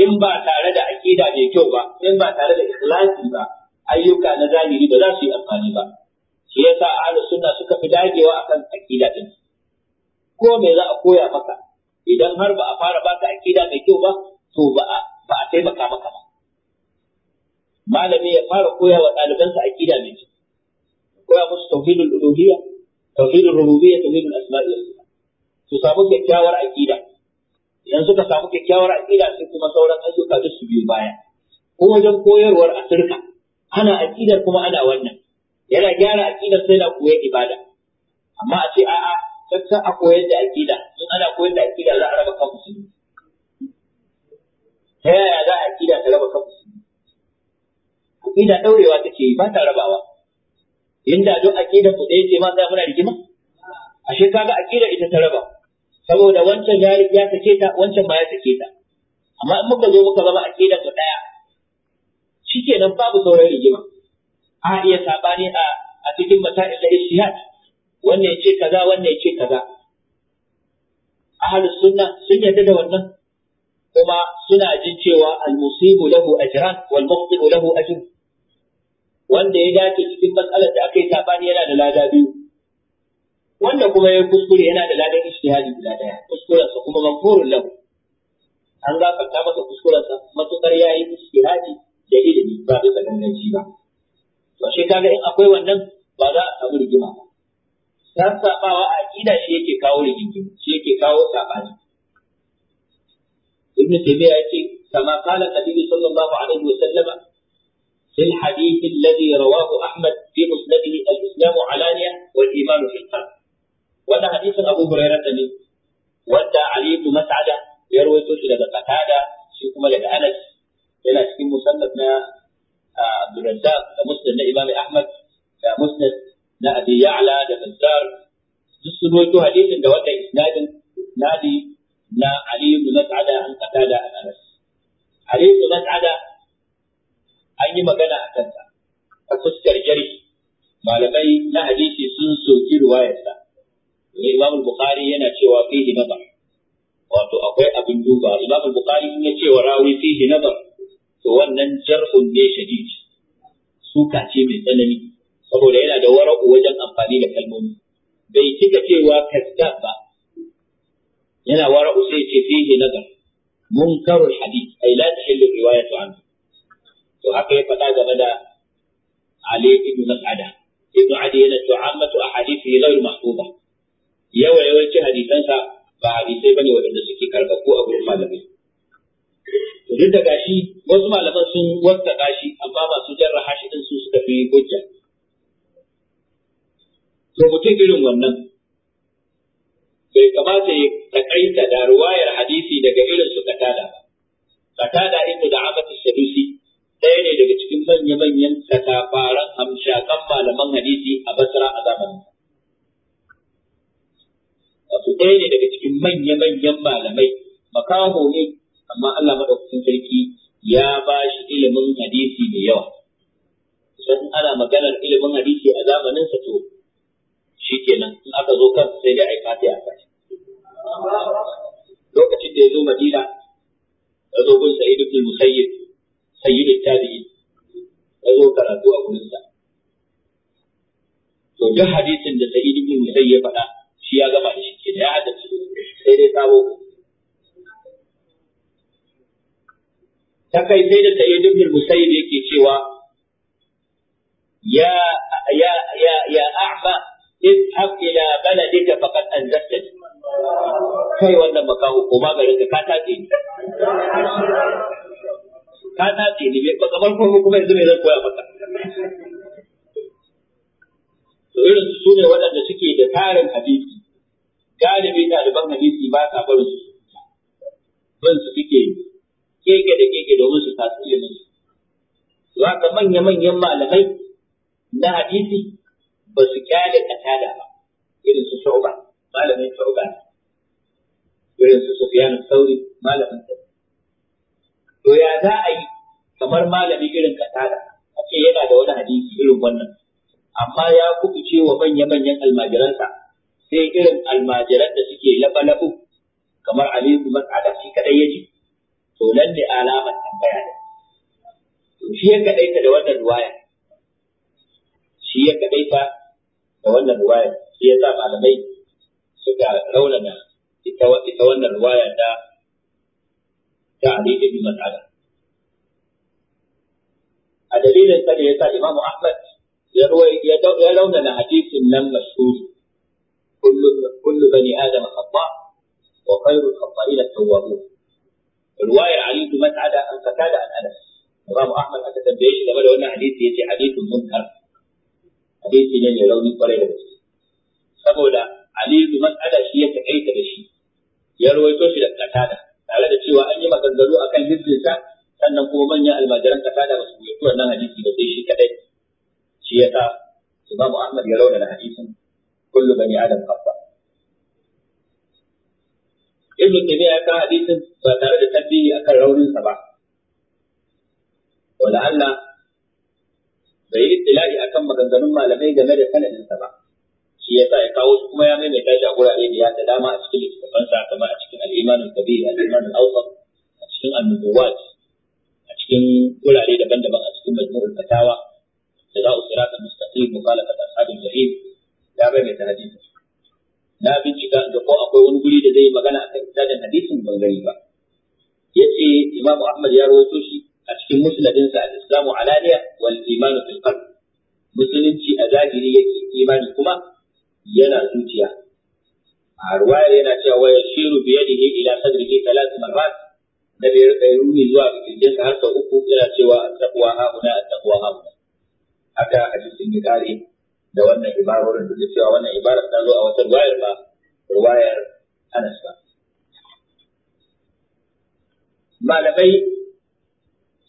in ba tare da aqida mai kyau ba in ba tare da ikhlasi ba ayyuka na zahiri ba za su yi amfani ba shi yasa ahlus sunna suka fi dagewa akan aqida din ko me za a koya maka idan har ba a fara baka aqida mai kyau ba to ba a taimaka maka ba malami ya fara koya wa ɗalibansa aqida mai kyau koya musu tauhidul uluhiyya tauhidul rububiyya tauhidul asma'i was sifat su samu kyakkyawar aqida idan suka samu kyakkyawar aqida sai kuma sauran ayyuka duk su biyu baya ko wajen koyarwar asirka ana aqidar kuma ana wannan yana gyara aqidar sai na koyar ibada amma a ce a'a kakka a koyar da aqida in ana koyar da aqida za a raba kan musulmi ta yaya za a aqida ta raba kan musulmi aqida ɗaurewa take yi ba ta rabawa inda duk aƙida ku ɗaya ce ma sai muna rigima ashe kaga aƙida ita ta raba saboda wancan ya ya sake ta wancan ma ya sake ta amma in muka zo muka zama aƙida mu ɗaya shikenan babu sauran rigima a iya sabani a a cikin mata'il da ishihad wannan ya ce kaza wannan ya ce kaza ahlus sunna sun yadda da wannan kuma suna jin cewa al-musibu lahu ajran wal muqtiru lahu ajr wanda ya dace cikin matsalar da aka yi sabani yana da lada biyu wanda kuma ya kuskure yana da ladan ishtihadi guda daya kuskuren sa kuma mafurun lahu an gafarta masa kuskuren sa matukar yi ishtihadi da ilimi ba bisa ganganci ba to shi kaga in akwai wannan ba za a samu rigima ba sassaɓawa a aƙida shi yake kawo rigima shi yake kawo saɓani ibn taymiya yace kama qala nabi sallallahu alaihi wa sallama في الحديث الذي رواه أحمد في مسنده الإسلام علانية والإيمان في القلب وهذا حديث أبو هريرة لي ودى علي بن مسعدة يروي توشي لدى قتادة شيكما لدى أنس إلى تكين مسندنا عبد الرزاق مسند إمام أحمد مسند أبي يعلى لبزار sun rawaito hadisin da wannan isnadin isnadi na Ali ibn Mas'ada an qatada an Anas Ali ibn Mas'ada an yi magana a kanta a fuskar jarhi malamai na hadisi sun soki ruwayarsa Imam Bukhari yana cewa fihi nazar wato akwai abin duba Imam Bukhari in ya ce wa rawi fihi nazar to wannan jarhun ne shadid suka ce mai tsanani saboda yana da wara'u wajen amfani da kalmomi bai cika cewa kazzab ba yana wara'u sai ce fihi nazar munkarul hadith ay la tahillu riwayatu anhu to akai ya faɗa game da Ali ibn Mas'ada ibn Adi yana to ammatu ahadithi ghayr mahfuza yawa yawanci hadisansa ba hadisai bane waɗanda suke karɓa ko a gurin malami. to duk da gashi wasu malaman sun wattaka gashi amma masu jarra hashi din su suka fi hujja to mutum irin wannan bai kamata ya takaita da ruwayar hadisi daga irin su katada ba katada ibn da amatu sadusi ɗaya ne daga cikin manya-manyan katafaran hamshakan malaman hadisi a Basra a zamanin. Wato ɗaya ne daga cikin manya-manyan malamai, makaho ne, amma Allah maɗaukakin sarki ya ba shi ilimin hadisi mai yawa. Sun ana maganar ilimin hadisi a zamanin sa to shi kenan in aka zo kan sai dai a yi yaka. a Lokacin da ya zo Madina, ya zo gun Sa'id ibn Musayyib da tabi'i ya zo karatu a gurinsa to duk hadisin da sa'id ibn musayyib ya faɗa shi ya gama da shi ke da ya haddace sai dai sabo ta kai sai da sa'id ibn musayyib yake cewa ya ya ya ya a'ba izhab ila baladika faqad anzalta kai wannan makaho ko magarin ka Na nace ne bai baka farko ko kuma yanzu me zan koya maka to irin su ne waɗanda suke da tarin hadisi galibi ɗaliban hadisi ba sa barin su bin su suke keke da keke domin su tasu ilimin su ka manya-manyan malamai na hadisi ba su kyale katada ba irin su shu'ba malamin ne. irin su sufyan sauri malamin sauri to ya za a yi kamar malami irin katada a ce yana da wani hadisi irin wannan amma ya kubuce wa manya-manyan almajiransa sai irin almajiran da suke lafa lafu. kamar alihu bin Mas'ada shi kadai ya yaji to nan ne alamar tambaya ne to shi ya ta da wannan ruwaya shi ya ta da wannan ruwaya shi ya sa malamai suka raunana ita wannan ruwaya ta ta Ali bin Mas'ada a dalilin sa ne yasa Imam Ahmad ya launa raunana hadisin nan mashhuri kullu kullu bani adam khata wa khairu khata'in at-tawwabun riwaya Ali bin Mas'ada an qatada an Anas Imam Ahmad aka tambaye shi game da wannan hadisi yace hadithun munkar hadisi ne mai rauni kwarai da gaske saboda Ali bin Mas'ada shi ya takaita da shi ya rawaito shi da qatada tare da cewa an yi maganganu akan hisrinsa sannan kuma manyan almajiran katada ba su rubuta wannan hadisi ba sai shi kadai shi yasa Imam Ahmad ya rauna da hadisin kullu bani adam khata Ibn Taymiyyah ya ka hadisin ba tare da tabbihi akan raunin sa ba wala Allah bai yi tilahi akan maganganun malamai game da sanadin sa ba shi ya sa ya kawo su kuma ya maimaita shi a gurare da ya da dama a cikin littafansa kamar a cikin al-Iman al-Kabir al-Iman awsat a cikin an cikin wurare daban-daban a cikin majmu'ul fatawa da za usira ta mustaqim mukhalafat ashabul jahil ya bai mai hadisi na bincika da ko akwai wani guri da zai magana kan isnadin hadisin ban gani ba yace imam ahmad ya rawaito shi a cikin musnadin sa al-islamu alaniya wal imanu fil qalb musulunci a zahiri yake imani kuma yana zuciya a ruwaya yana cewa wa yashiru bi yadihi ila da bai rika ruri zuwa bikin kirjinsa har sau uku yana cewa attaqwa hauna attaqwa hauna haka hadisin ya kare da wannan ibarorin duk da cewa wannan ibarar ta zo a wata ruwayar ba ruwayar Anas ba malamai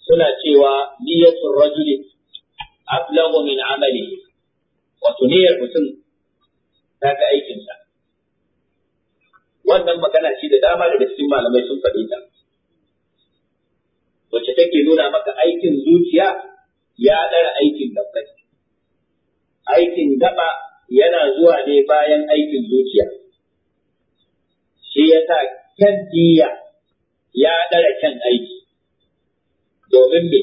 suna cewa niyyatul rajuli ablagu min amalihi wato niyyar mutum ta ga aikinsa wannan magana ce da dama daga cikin malamai sun faɗi ta wacce take nuna maka aikin zuciya ya ɗara aikin gabbai. Aikin gaba yana zuwa ne bayan aikin zuciya. Shi ya sa kyan ya ɗara kyan aiki, domin me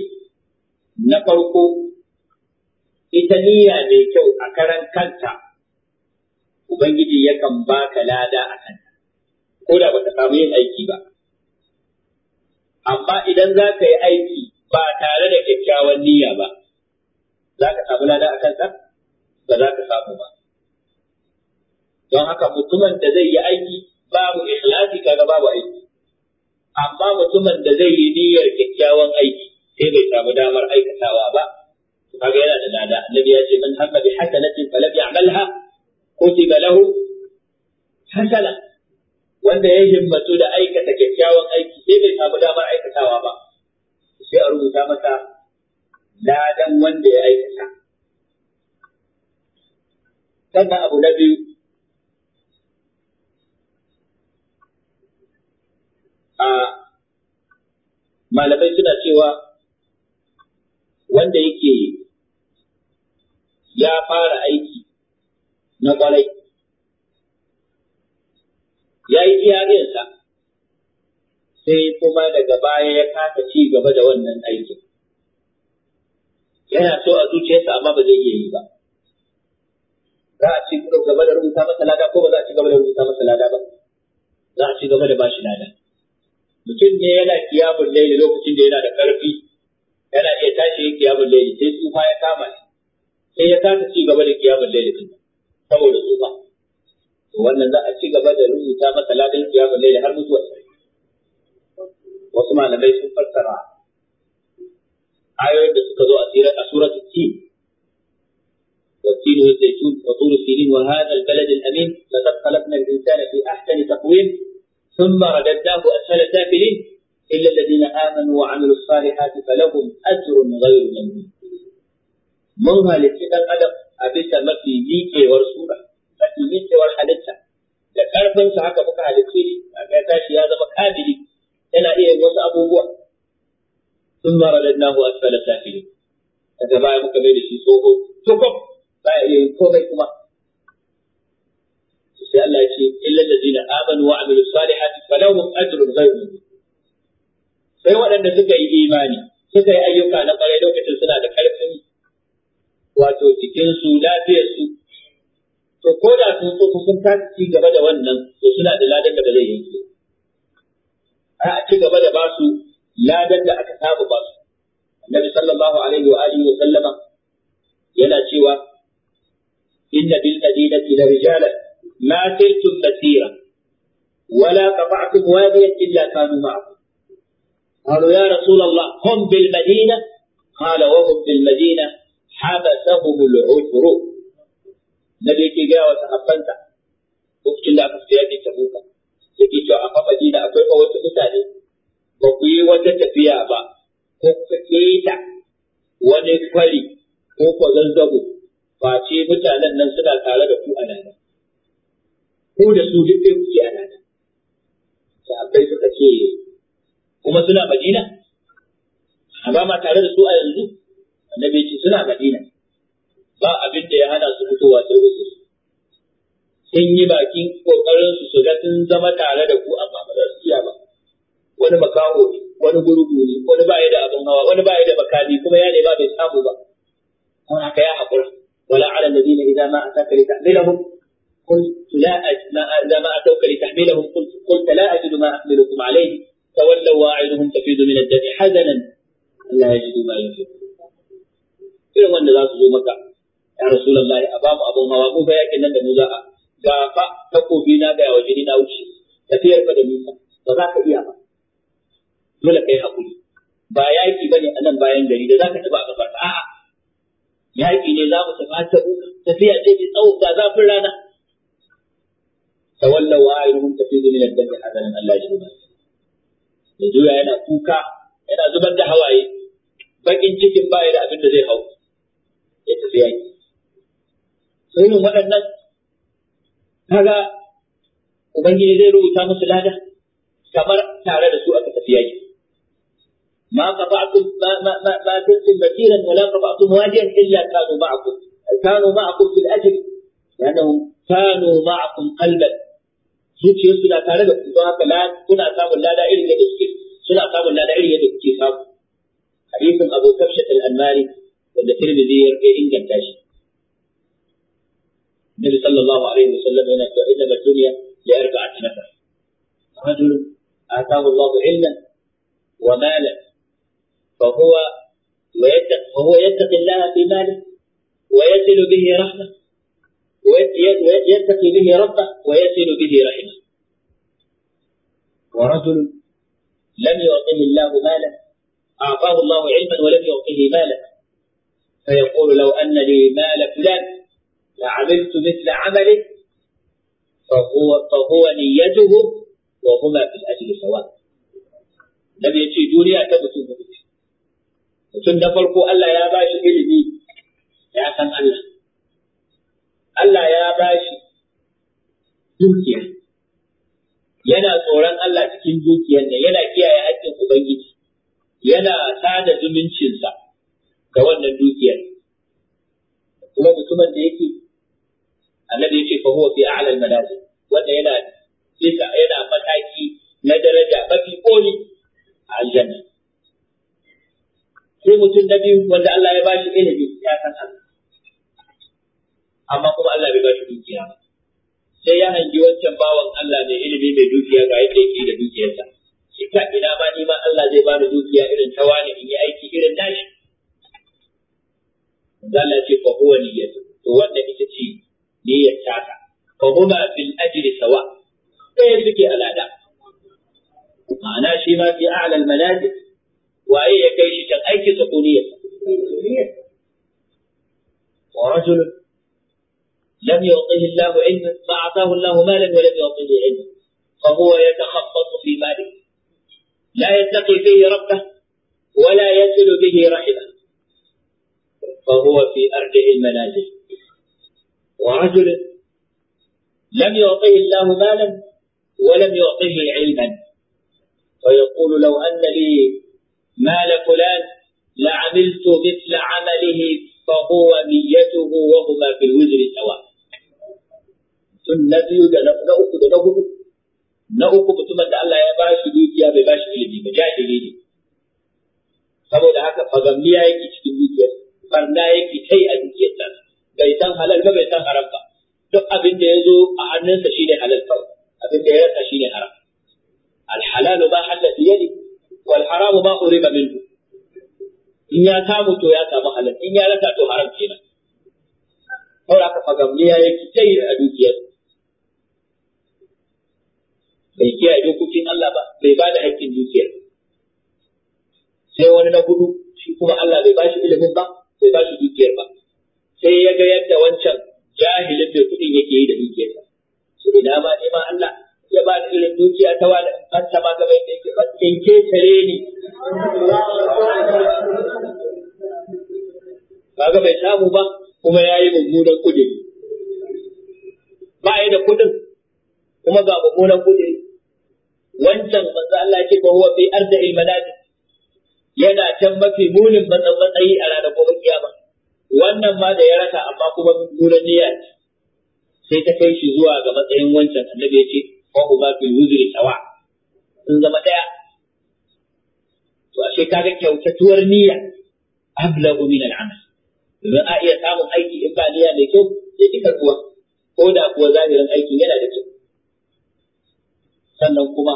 na farko ita niyya mai kyau a karan kanta, Ubangiji yakan baka lada a kanta, ko da ba ta samu yin aiki ba. amma idan za ka yi aiki ba tare da kyakkyawan niyya ba za ka samu lada a kansa ba za ka samu ba don haka mutumin da zai yi aiki babu ikhlasi kaga babu aiki amma mutumin da zai yi niyyar kyakkyawan aiki sai bai samu damar aikatawa ba kaga yana da lada annabi ya ce man hamma bi hasanatin falam ya'malha kutiba lahu hasana wanda ya himmatu da aikata kyakkyawan aiki sai bai samu damar aikatawa ba sai a rubuta masa ladan wanda ya aikata sannan abu na biyu a malamai suna cewa wanda yake ya fara aiki na kwarai ya yi iyayensa sai kuma daga baya ya kasa ci gaba da wannan aikin yana so a zuciyarsa amma ba zai iya yi ba za a ci gaba da rubuta masa lada ko ba za a ci gaba da rubuta masa lada ba za a ci gaba da bashi lada mutum ne yana kiyamun laili lokacin da yana da karfi yana iya tashi yin kiyamun laili sai tsufa ya kama shi sai ya kasa ci gaba da kiyamun laili din saboda tsufa wannan za a ci gaba da rubuta masa ladan kiyama laili har mutuwa wasu malamai sun fassara ayoyin da suka zo a tsira a suratul tin والتين والزيتون وطول السنين وهذا البلد الامين لقد خلقنا الانسان في احسن تقويم ثم رددناه اسفل سافلين الا الذين امنوا وعملوا الصالحات فلهم اجر غير ممنون. من هالك ادم ابيت مكي في ميكي ورسوله ɗimitewar halitta da ƙarfinsa haka muka halitta shi a ga tashi ya zama kamili yana iya wasu abubuwa sun mara da nahu asfala safili daga baya muka mai da shi tsoho tukum ba ya iya yin komai kuma sai Allah ce ce illal ladina amanu wa amilus salihati falahum ajrun ghayru mamnun sai waɗanda suka yi imani suka yi ayyuka na ƙwarai lokacin suna da ƙarfin wato cikinsu lafiyarsu to ko da sun so sun kasa ci gaba da wannan to suna da ladan da ba zai yanke a ci gaba da ba su ladan da aka saba ba su annabi sallallahu alaihi wa alihi wa sallama yana cewa inna bil madinati la rijalan ma tiltum masira ولا قطعتم واديا الا كانوا معكم قالوا يا رسول الله هم بالمدينه قال وهم بالمدينه حبسهم العذر النبي gaya wa sahabbansa lokacin da aka fita yaƙi ta buka yake cewa a fa Madina akwai fa wasu mutane ba ku yi wata tafiya ba ko kuka keta wani kwari ko ko zazzabo ba ce mutanen nan suna tare da ku a nan ku da su duk ɗaya kuke a nan sahabbai suka ce kuma suna Madina amma ma tare da su a yanzu annabi ce suna Madina ba abin da ya hana su fitowa sai usuri sun yi bakin kokarin su ga sun zama tare da ku amma ba za su iya ba wani makaho ne wani gurgu ne wani ba da abin hawa wani ba da makami kuma ya ne ba bai samu ba kuma haka ya haƙura wala ala alladhina idza ma ataka li tahmilahum قلت لا أجد ما أتوك لتحملهم قلت, قلت لا أجد ما أحملكم عليه تولوا tafidu min من dami حزنا la yajidu ma ينفقون irin wanda za su zo maka ya rasulullahi a bamu abun hawa ko fa yakin nan da mu za a gafa takobi na ga yawa jini na wuce tafiyar fa da nisa ba za ka iya ba dole kai hakuri ba yaki bane a nan bayan gari da za ka taba a gabar a'a yaki ne za mu tafi ta tafiya ce mai tsawo ga zafin rana wa ayyuhu tafidu min ad-dami hazanan Allah ya shirya da juya yana kuka yana zubar da hawaye bakin cikin baya da abin da zai hau ya tafi yaƙi. sai waɗannan kaga ubangiji zai rubuta musu lada kamar tare da su aka tafi yaki ما قطعتم ما ma ما, ما تركتم مسيرا ولا قطعتم واديا الا كانوا معكم كانوا معكم في الاجر لانهم كانوا معكم قلبا zuciyar suna tare da ku don haka kuna samun lada irin yadda suke suna samun lada irin yadda kuke samu hadisin abu kafshat al-anmari wanda tirmidhi ya inganta shi النبي صلى الله عليه وسلم يقول انما الدنيا لاربعه نفر رجل اتاه الله علما ومالا فهو ويتق فهو يتقي الله في ماله ويصل به رحمه ويتقي به ربه ويصل به رحمه ورجل لم يعطه الله مالا اعطاه الله علما ولم يعطه مالا فيقول لو ان لي مال فلان لعملت مثل عمله فهو, فهو نيته وهما في الأجل سواء لم يتي دنيا تبتو مبتو mutum na farko Allah ya ba ilimi ya san Allah. Allah ya ba shi yana tsoron Allah cikin dukiyar nan yana kiyaye haƙƙin Ubangiji, yana sada zumuncinsa ga wannan dukiyar. Kuma mutumin da yake annabi yace fa huwa fi a'la al manazil wanda yana bisa yana mataki na daraja mafi koli a aljanna sai mutum na biyu wanda Allah ya bashi ilimi ya san Allah amma kuma Allah bai bashi dukiya sai ya hangi wancan bawan Allah mai ilimi mai dukiya ga yadda yake da dukiyarsa shi ka ina ma ni ma Allah zai bani dukiya irin ta wani in yi aiki irin nashi Allah ce fa huwa niyyatu to wanda ita ce niyyar taka fa huma bil ajri sawa ɗaya suke alada ma'ana shi ma fi a'la al manazil waye ya kai shi can aiki sa kuniyar wa rajulun لم يعطه الله علما فأعطاه الله مالا ولم يعطه علما فهو يتخبط في ماله لا يتقي فيه ربه ولا يصل به رحمه فهو في أرجه المنازل ورجل لم يعطيه الله مالا ولم يعطيه علما فيقول لو ان لي مال فلان لعملت مثل عمله فهو نيته وهما في الوزر سواء سنتي نأخذ له نأخذ ثم الله يا باش دوكيا بباش علمي مجاهد لي سبو دهك فغمي ايكي تكن دوكيا فرنا ايكي تي ادوكيا تاسا bai san halal ba bai san haram ba duk abin da ya zo a hannunsa shi ne halal kawai abin da ya rasa shi ne haram alhalalu ba halal biyadi wal haramu ba uriba minhu in ya samu to ya samu halal in ya rasa to haram kenan saboda haka ya yake sai a dukiyar bai kiyaye dokokin Allah ba bai ba da haƙƙin dukiyar sai wani na hudu shi kuma Allah bai ba shi ilimin ba bai ba shi dukiyar ba sai ya ga yadda wancan jahilin da kuɗin yake yi da dukiyarsa Su ina ma ne ma Allah ya ba irin dukiya ta wani fanta ma gaba yadda yake in ke tare ni ga bai samu ba kuma ya yi mummunan kudiri ba ya da kudin kuma ga mummunan kudiri wancan manzo Allah yake ba huwa fi arda al yana can mafi munin matsayi a ranar gobe kiyama wannan ma da ya rasa, amma kuma mummunan niyya sai ta kai shi zuwa ga matsayin wancan annabi ya ce wa huma fil wuzri sawa sun zama daya to ashe kaga kyautatuwar niyya ablagu min al-amal Idan a iya samun aiki in ba niyya mai kyau sai kika zuwa ko da kuwa zahirin aikin yana da kyau sannan kuma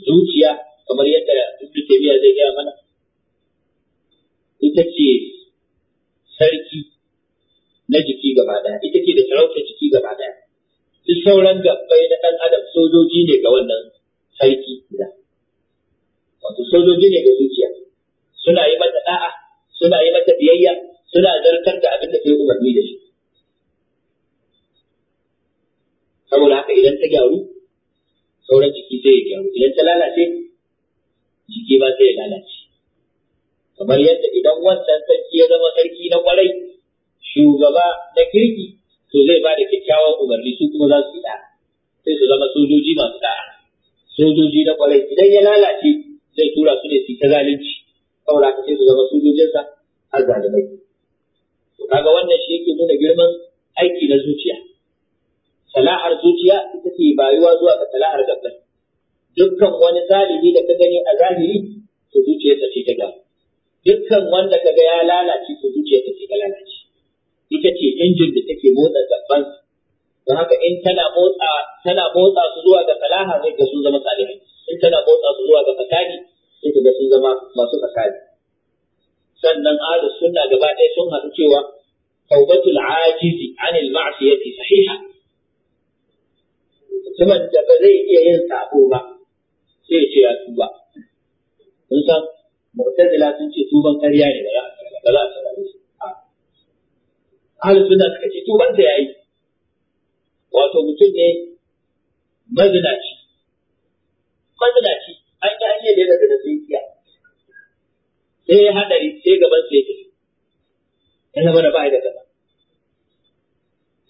zuciya kamar yadda Ibn Taymiyyah zai gaya mana ita ce sarki na jiki gaba ɗaya ita ce da sarauta jiki gaba ɗaya duk sauran gabbai na ɗan adam sojoji ne ga wannan sarki guda wato sojoji ne ga zuciya suna yi mata da'a suna yi mata biyayya suna zartar da abin da ta yi umarni da shi saboda haka idan ta gyaru sauran jiki sai ya gyaru idan ta lalace jiki ba sai ya lalace kamar yadda idan wancan sarki ya zama sarki na kwarai shugaba na kirki to zai ba da kyakkyawan umarni su kuma za su yi ɗa'a, sai su zama sojoji masu da'a sojoji na kwarai idan ya lalace zai tura su ne su ta zalunci saboda haka sai su zama sojojinsa har zalimai to kaga wannan shi yake nuna girman aiki na zuciya salahar zuciya ita ce bayuwa zuwa ga salahar gabbai dukkan wani zalimi da ka gani a zahiri to zuciyarsa ce ta gaba dukkan wanda kaga ya lalace to zuciya take ga lalace ita ce injin da take motsa gaban don haka in tana motsa tana motsa su zuwa ga salaha sai ga sun zama salihai in tana motsa su zuwa ga fasadi sai ga sun zama masu fasadi sannan ahlus sunna gaba ɗaya sun haɗu cewa tawbatul ajizi anil ma'siyati sahiha mutumin da ba zai iya yin sabo ba sai ya ce ya tuba mun san mu'tazila sun ce tuban ƙarya ne ba za a saurare su ahlus sunna suka ce tuban da yayi wato mutum ne mazinaci mazinaci an yi an yi ya yadda da sai kiya sai ya hadari sai gaban sai ya ya zama da ba'a da gaba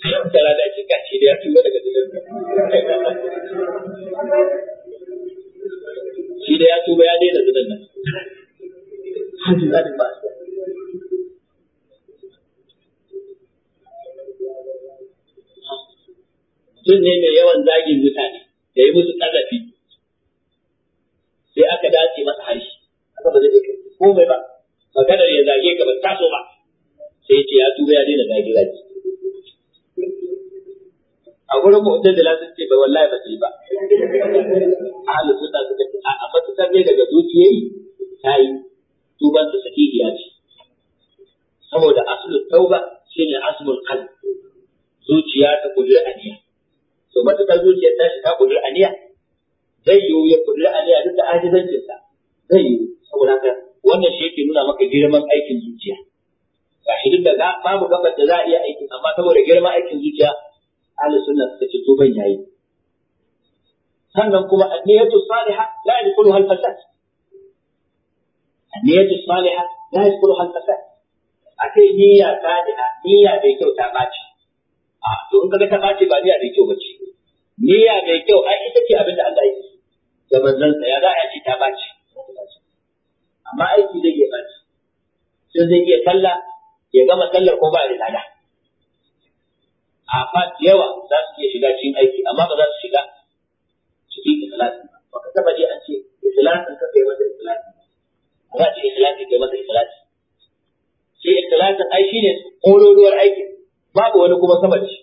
sai ya fitara da ake kace da ya tuba daga zinar shi da ya tuba ya daina zinar nan hajjizalin ba mutum ne mai yawan zagin mutane da yi musu ƙazafi sai aka dace masa harshe aka ba zai iya kai komai ba maganar ya zage ka ba taso ba sai ce ya tuba ya daina zage zage a gurin mutum da lasin ce bai wallahi ba sai ba ahalu suna suka ce a matukar ne daga zuciyayi ta yi tuban da sahihiya ce saboda aslul tauba ne aslul qalb zuciya ta kudur aniya to matakar zuciyar tashi ta kudur aniya zai yiwu ya kudur aniya duk da ajizancin sa zai yiwu saboda haka wannan shi yake nuna maka girman aikin zuciya ga shi duk da babu gabar da za a iya aikin amma saboda girman aikin zuciya ahlus sunna suka ce tuban yayi sannan kuma an-niyatu salihah la yadkhuluha al-fasad النيه الصالحه لا يدخلها الفساد أتي ba niyya mai kyau تاباتي آه تو mai تاباتي با ita ce بتي نية بيكو أي إتكي أبدا الله يكي جبزلت يا ذا ta تاباتي amma aiki zai iya ɓaci sai zai iya talla ya gama sallar ko ba da tsada a fat yawa za su iya shiga cikin aiki amma ba za su shiga cikin ikhlasin ba ka je an ce ka kai وقت ikhlasi kai masa ikhlasi shi ikhlasin ai shine kololuwar aiki babu wani kuma sama da shi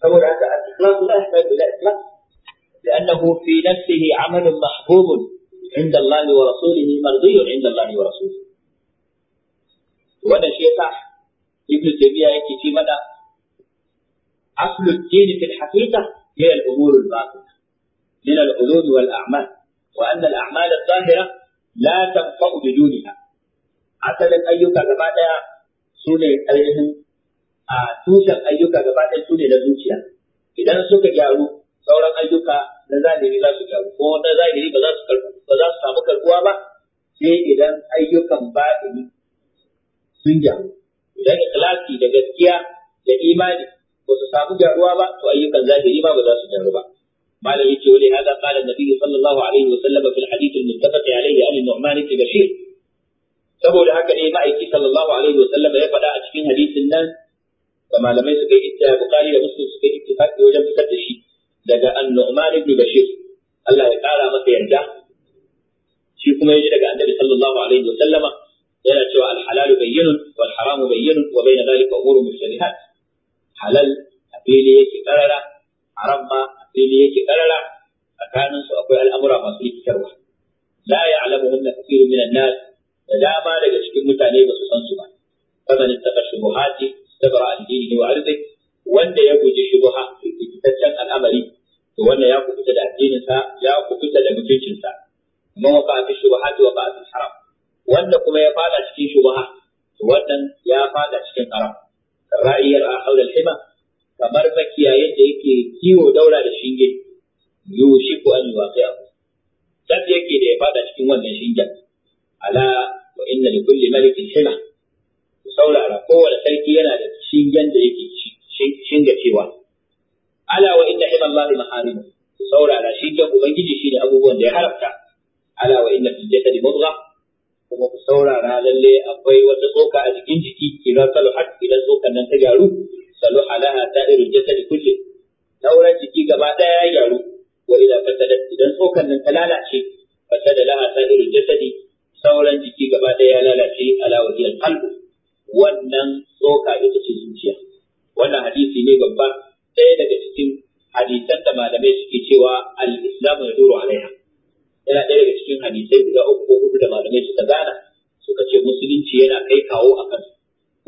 saboda haka al-ikhlas la yahtaju ila ikhlas لأنه في نفسه عمل محبوب عند الله ورسوله مرضي عند الله ورسوله وأنا شيء صح ابن تيمية يكي في مدى أصل الدين في الحقيقة هي الأمور الباطنة من الحدود والأعمال وأن الأعمال الظاهرة la tanfa'u biduniha asalin ayyuka gaba daya ne ainihin a tushen ayyuka gaba daya ne da zuciya idan suka gyaru sauran ayyuka na zahiri za su gyaru ko na zahiri ba za su ba za su samu karbuwa ba sai idan ayyukan batini sun gyaru idan ikhlasi da gaskiya da imani ba su samu gyaruwa ba to ayyukan zahiri ma ba za su gyaru ba malam yake wani hada qala nabi sallallahu alaihi wa sallam fil hadith al muttafaq alaihi an nu'man ibn bashir saboda haka ne ma'aiki sallallahu alaihi wa sallam ya faɗa a cikin hadisin nan da malamai suka yi ittihad bukhari da muslim suka yi ittifaqi wajen fitar da shi daga an-nu'man ibn bashir Allah ya kara masa yarda shi kuma yaji daga annabi sallallahu alaihi wa sallama yana cewa al-halal bayyinun wal haram bayyinun wa bayna dhalika umurun mushtabihat halal abili yake karara haram ma fili yake karara tsakanin su akwai al'amura masu rikitarwa la ya'lamuhunna kathirun minan nas da dama daga cikin mutane ba su san su ba faman ittaqa shubuhati istabra ad-dinihi wa 'irdihi wanda ya guji shubuha rikitaccen al'amari to wanda ya kubuta da addininsa ya kubuta da mutuncinsa kuma waka fi shubuhati waka fi haram wanda kuma ya fada cikin shubuha to wannan ya fada cikin haram ra'iyar a haulal hima kamar makiyayin da yake kiwo daura da shinge yushiku an yuwaqi'a dab yake da ya fada cikin wannan shingen ala wa inna li kulli malikin hima ku saurara kowane sarki yana da shingen da yake shinga cewa ala wa inna hima allahi maharim ku saurara shingen ubangiji shine abubuwan da ya haramta ala wa inna fil jasadi mudghah kuma ku saurara lalle akwai wata tsoka a jikin jiki idan saluhat idan tsokan nan ta gyaru saluha laha sa'irul jasadi kulli sauran jiki gaba daya ya gyaru wa idan fasada idan tsokan nan ta lalace fasada laha sa'irul jasadi sauran jiki gaba daya ya lalace ala wajhil qalbi wannan tsoka ita ce zuciya wannan hadisi ne babba ɗaya daga cikin hadisan da malamai suke cewa al-islamu yaduru alaiha yana ɗaya daga cikin hadisai guda uku ko hudu da malamai suka gana suka ce musulunci yana kai kawo a kansu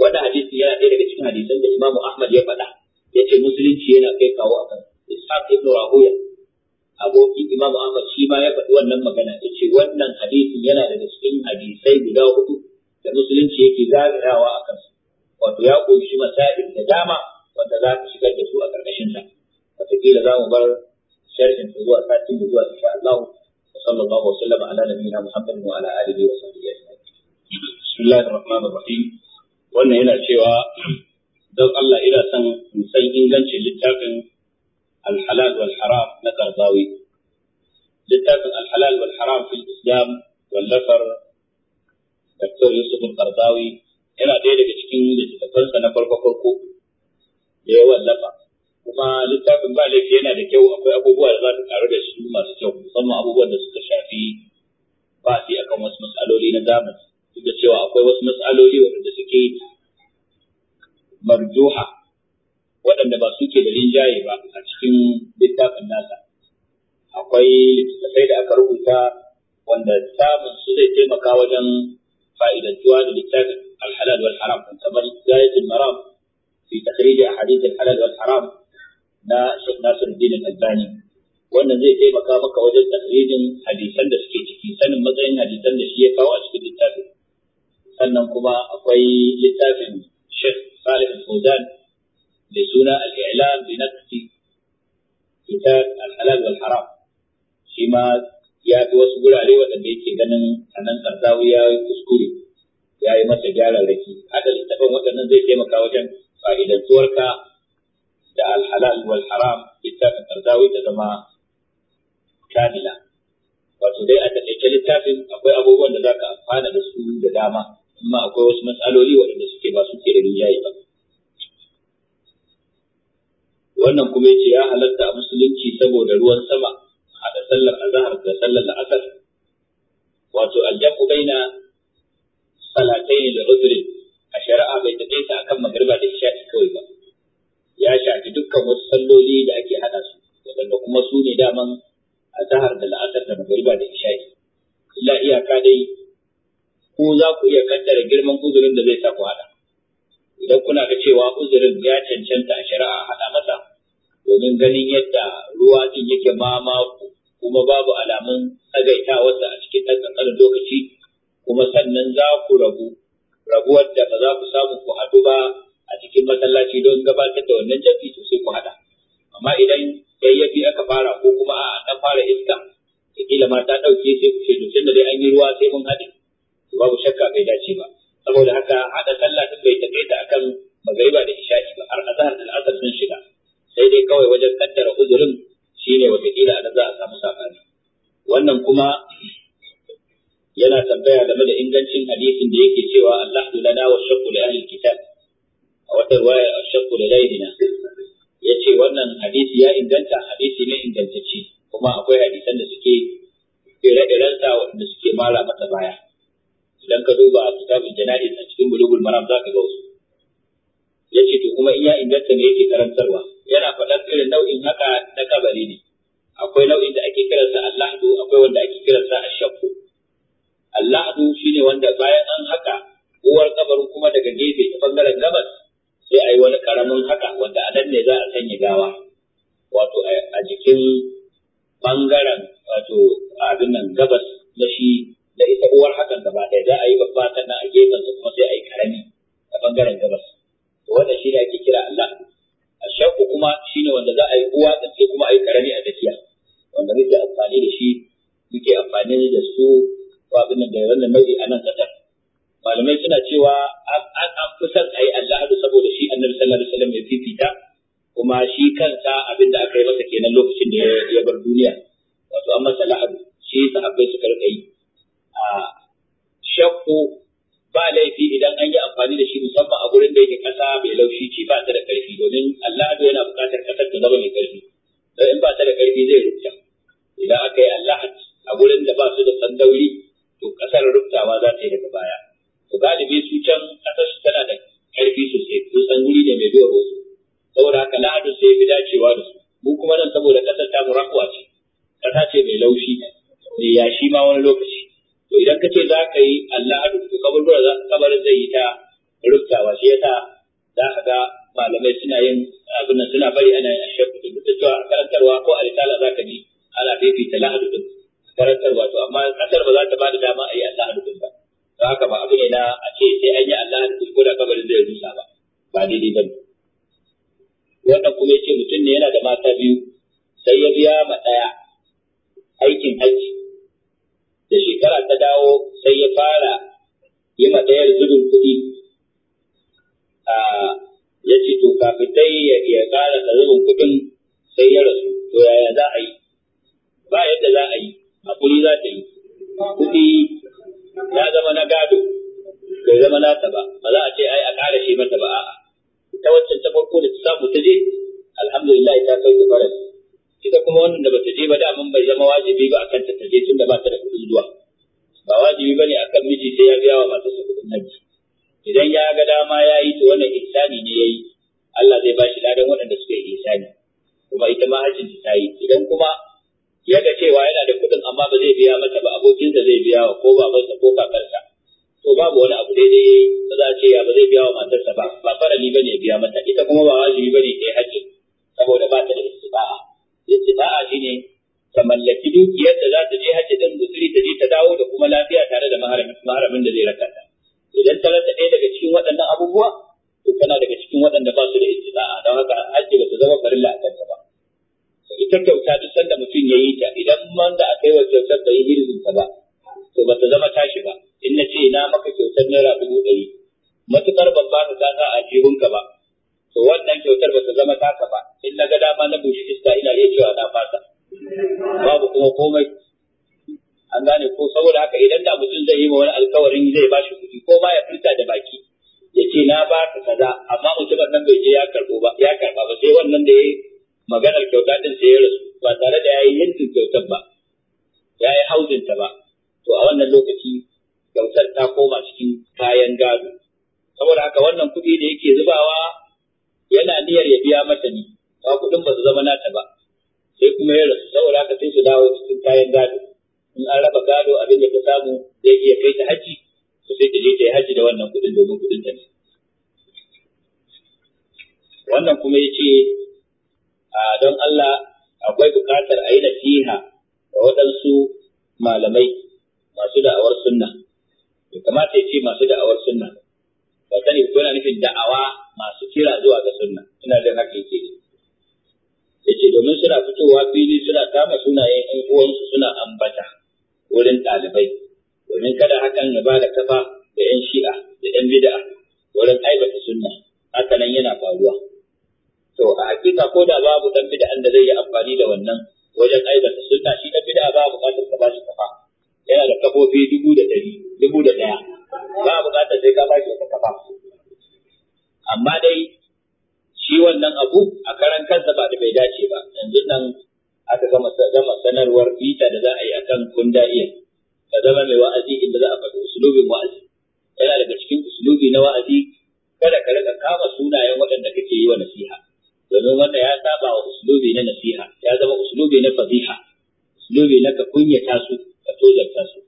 wannan hadisi yana ɗaya daga cikin hadisan da Imam Ahmad ya faɗa ce musulunci yana kai kawo akan Ishaq ibn Rahuya abokin Imam Ahmad shi ma ya faɗi wannan magana wannan hadisin yana daga cikin hadisai guda hudu da musulunci yake zagarawa akan su wato ya ƙunshi masail da dama wanda za ka shigar da su a ƙarƙashin sa wataƙila za mu bar sharhin zuwa satin zuwa insha Allah وصلى الله وسلم على نبينا محمد وعلى اله وصحبه اجمعين. بسم الله الرحمن الرحيم. wannan yana cewa don Allah ina son in san ingancin littafin alhalal wal haram na Qardawi littafin alhalal wal haram fil islam wallafar Dr. Yusuf Qardawi yana ɗaya daga cikin littattafansa na farko farko da ya wallafa kuma littafin ba laifi yana da kyau akwai abubuwa da za ta karu da su masu kyau musamman abubuwan da suka shafi ba akan wasu matsaloli na zamani duk da cewa akwai wasu matsaloli waɗanda suke marjuha waɗanda ba suke da rinjaye ba a cikin littafin nasa akwai littattafai da aka rubuta wanda samun su zai taimaka wajen fa'idantuwa da littafin alhalal wal haram kamar zayatul maram fi takhrij da alhalal wal haram na Sheikh Nasiruddin Al-Albani wannan zai taimaka maka wajen takhrijin hadisan da suke ciki sanin matsayin hadisan da shi ya kawo a cikin littafin sannan kuma akwai littafin Sheikh Salih Al-Fawzan mai suna Al-I'lam bi Naqdi Kitab Al-Halal wal Haram shi ma ya fi wasu gurare waɗanda yake ganin anan Qardawi ya yi kuskure ya yi masa gyararraki haka littafin waɗannan zai taimaka wajen fa'idantuwarka da Al-Halal wal Haram kitab Qardawi ta zama kamila wato dai a taƙaice littafin akwai abubuwan da za ka amfana da su da dama amma akwai wasu matsaloli waɗanda suke ba suke da rinjaye ba wannan kuma yace ya halatta a musulunci saboda ruwan sama a da sallar azahar da sallar la'asar wato aljamu baina salataini da uzrin a shari'a bai taƙaita akan magarba da isha'i kawai ba ya shafi dukkan wasu salloli da ake haɗa su waɗanda kuma su ne daman azahar da la'asar da magarba da isha'i illa iyaka dai ko za ku iya kaddara girman uzurin da zai sa ku haɗa. Idan kuna ga cewa uzurin ya cancanta a shari'a haɗa masa, domin ganin yadda ruwa din yake mamaku kuma babu alamun tsagaitawarsa a cikin ɗan ƙanƙanin lokaci, kuma sannan za ku rabu, rabuwar da ba za ku samu ku haɗu ba a cikin masallaci don gabatar da wannan jafi to sai ku haɗa. Amma idan yayyafi aka fara ko kuma a ɗan fara iska, kila ma ta ɗauke sai ku ce to da dai an yi ruwa sai mun haɗe. babu shakka bai dace ba saboda haka hada sallah din bai takaita akan magariba da isha'i ba har azhar da asar sun shiga sai dai kawai wajen kaddara uzurin shine wataƙila a za a samu sabani wannan kuma yana tambaya game da ingancin hadisin da yake cewa Allah lana wa shakku da ahli kitab a wata ruwaya shakku da laidina ya ce wannan hadisi ya inganta hadisi ne ingantacce kuma akwai hadisan da suke ire-irensa waɗanda suke mara mata baya idan ka duba a kitabin jana'iz a cikin bulugul maram za ka ga wasu yace to kuma in ya inganta ne yake karantarwa yana faɗan irin nau'in haka na kabari ne akwai nau'in da ake kiransa allahdu akwai wanda ake kiransa ashakku allahdu shine wanda bayan an haka uwar kabarin kuma daga gefe ta bangaren gabas sai a yi wani karamin haka wanda a nan ne za a sanya gawa wato a jikin bangaren wato abin nan gabas na shi da ita uwar hakan gaba ɗaya za a yi babba sannan a gefen su kuma sai a yi karami a bangaren gabas to wannan shi ne ake kira Allah A ashaku kuma shi ne wanda za a yi uwa da sai kuma a yi karami a tafiya. wanda muke amfani da shi muke amfani da su ko abin da wannan nau'i a nan kasar malamai suna cewa an fi son a yi Allah saboda shi annabi sallallahu alaihi wasallam ya fifita kuma shi kansa abin da aka yi masa kenan lokacin da ya bar duniya wato an masa lahadu shi sahabbai suka rika yi shakku ba laifi idan an yi amfani da shi musamman a gurin da yake kasa mai laushi ce ba ta da ƙarfi, domin Allah yana buƙatar kasar ta zama mai ƙarfi, don in ba ta da ƙarfi zai rubuta idan aka yi Allah a gurin da ba su da sandauri to kasar rubutawa za ta yi daga baya to galibi su can kasar su tana da ƙarfi sosai sun guri ne mai duwar wasu saboda haka lahadu sai fi dacewa da su mu kuma nan saboda kasar ta murakuwa ce kasa ce mai laushi ne. yashi ma wani lokaci to idan ka ce za ka yi allahadu to kabarin zai yi ta rubutawa shi yasa za ka ga malamai suna yin abin nan suna bari ana yin ashabu duk da cewa karantarwa ko a risala za ka ji ana fifita lahadu din karantarwa to amma kasar ba za ta ba da dama a yi allahadu din ba don haka ba abu ne na a ce sai an yi allahadu din ko da kabarin zai rusa ba ba daidai ba ne kuma kuma ce mutum ne yana da mata biyu sai ya biya ma ɗaya aikin hajji sai shekara ta dawo sai ya fara yi matsayar zubin kuɗi ya ce to kafin dai ya ƙara da zubin kuɗin sai ya rasu to yaya za a yi ba yadda za a yi hakuri za ta yi kuɗi ya zama na gado bai zama na ba ba za a ce ai a ƙara shi mata ba a'a ta waccan ta farko da ta samu ta je alhamdulillah ta kai ta fara. ita kuma wannan da bata je ba da mun bai zama wajibi ba akan ta ta je da ba ta da kuɗin zuwa ba wajibi bane akan miji sai ya biya wa su kuɗin nan idan ya ga dama ya yi to wannan ihsani ne yayi Allah zai ba shi ladan waɗanda suka yi ihsani kuma ita ma hajjin ta yi idan kuma ya ga cewa yana da kuɗin amma ba zai biya mata ba abokinsa zai biya wa ko babansa ko kakarsa to babu wani abu daidai yayi ba za a ce ya ba zai biya wa matarsa ba ba farali bane ya biya mata ita kuma ba wajibi bane ta yi hajji saboda sa'a shine ta mallaki dukiyar da za ta je hajji din guzuri ta je ta dawo da kuma lafiya tare da maharamin da zai raka ta idan ta rasa ɗaya daga cikin waɗannan abubuwa to tana daga cikin waɗanda ba su da istida'a don haka hajji ba ta zama farilla a kanta ba ita kyauta duk sanda mutum ya yi ta idan man da aka yi wa kyautar bai yi ta ba to ba ta zama tashi ba in na ce na maka kyautar naira dubu ɗari matuƙar babba ba ta ta a jihunka ba to wannan kyautar ba ta zama taka ba in na ga dama na bushi iska ina iya cewa na fasa babu kuma komai an gane ko saboda haka idan da mutum zai yi ma wani alkawarin zai ba shi kuɗi ko ma ya furta da baki ya ce na ba ka kaza amma mutumin nan bai je ya karɓo ba ya karɓa ba sai wannan da ya maganar kyauta din sai ya rasu ba tare da ya yi yankin kyautar ba ya yi ta ba to a wannan lokaci kyautar ta koma cikin kayan gado saboda haka wannan kuɗi da yake zubawa yana niyyar ya biya mata ni ba kuɗin ba su zama nata ba sai kuma ya rasu saboda haka sai su dawo cikin kayan gado in an raba gado abin da ta samu zai iya kai ta haji su sai ta je ta yi haji da wannan kuɗin domin kuɗin ta ne wannan kuma ya ce don Allah akwai buƙatar a yi nasiha ga waɗansu malamai masu da'awar sunna ya kamata ya ce masu da'awar sunna ba sani ko yana nufin da'awa masu kira zuwa ga sunna ina da haka yake ne yace domin suna fitowa fili suna kama sunayen ɗan uwansu suna ambata wurin ɗalibai domin kada hakan ya bada kafa da ƴan shi'a da ƴan bid'a wurin aibata sunna haka nan yana faruwa to a hakika ko da babu dan bid'an da zai yi amfani da wannan wajen aibata sunna shi ɗan bid'a ba buƙatar ka bashi kafa yana da kafofi dubu da ɗari dubu da ɗaya ba a bukatar sai ka ba shi wata kafa amma dai shi wannan abu a karan kansa ba da bai dace ba yanzu nan aka gama sanarwar bita da za a yi a akan kunda'iyar ka zama mai wa'azi inda za a faɗi usulubin wa'azi yana daga cikin usulubi na wa'azi kada ka rika kama sunayen waɗanda kake yi wa nasiha domin wanda ya saba wa usulubi na nasiha ya zama usulubi na fadiha usulubi na ka kunyata su ka tozarta su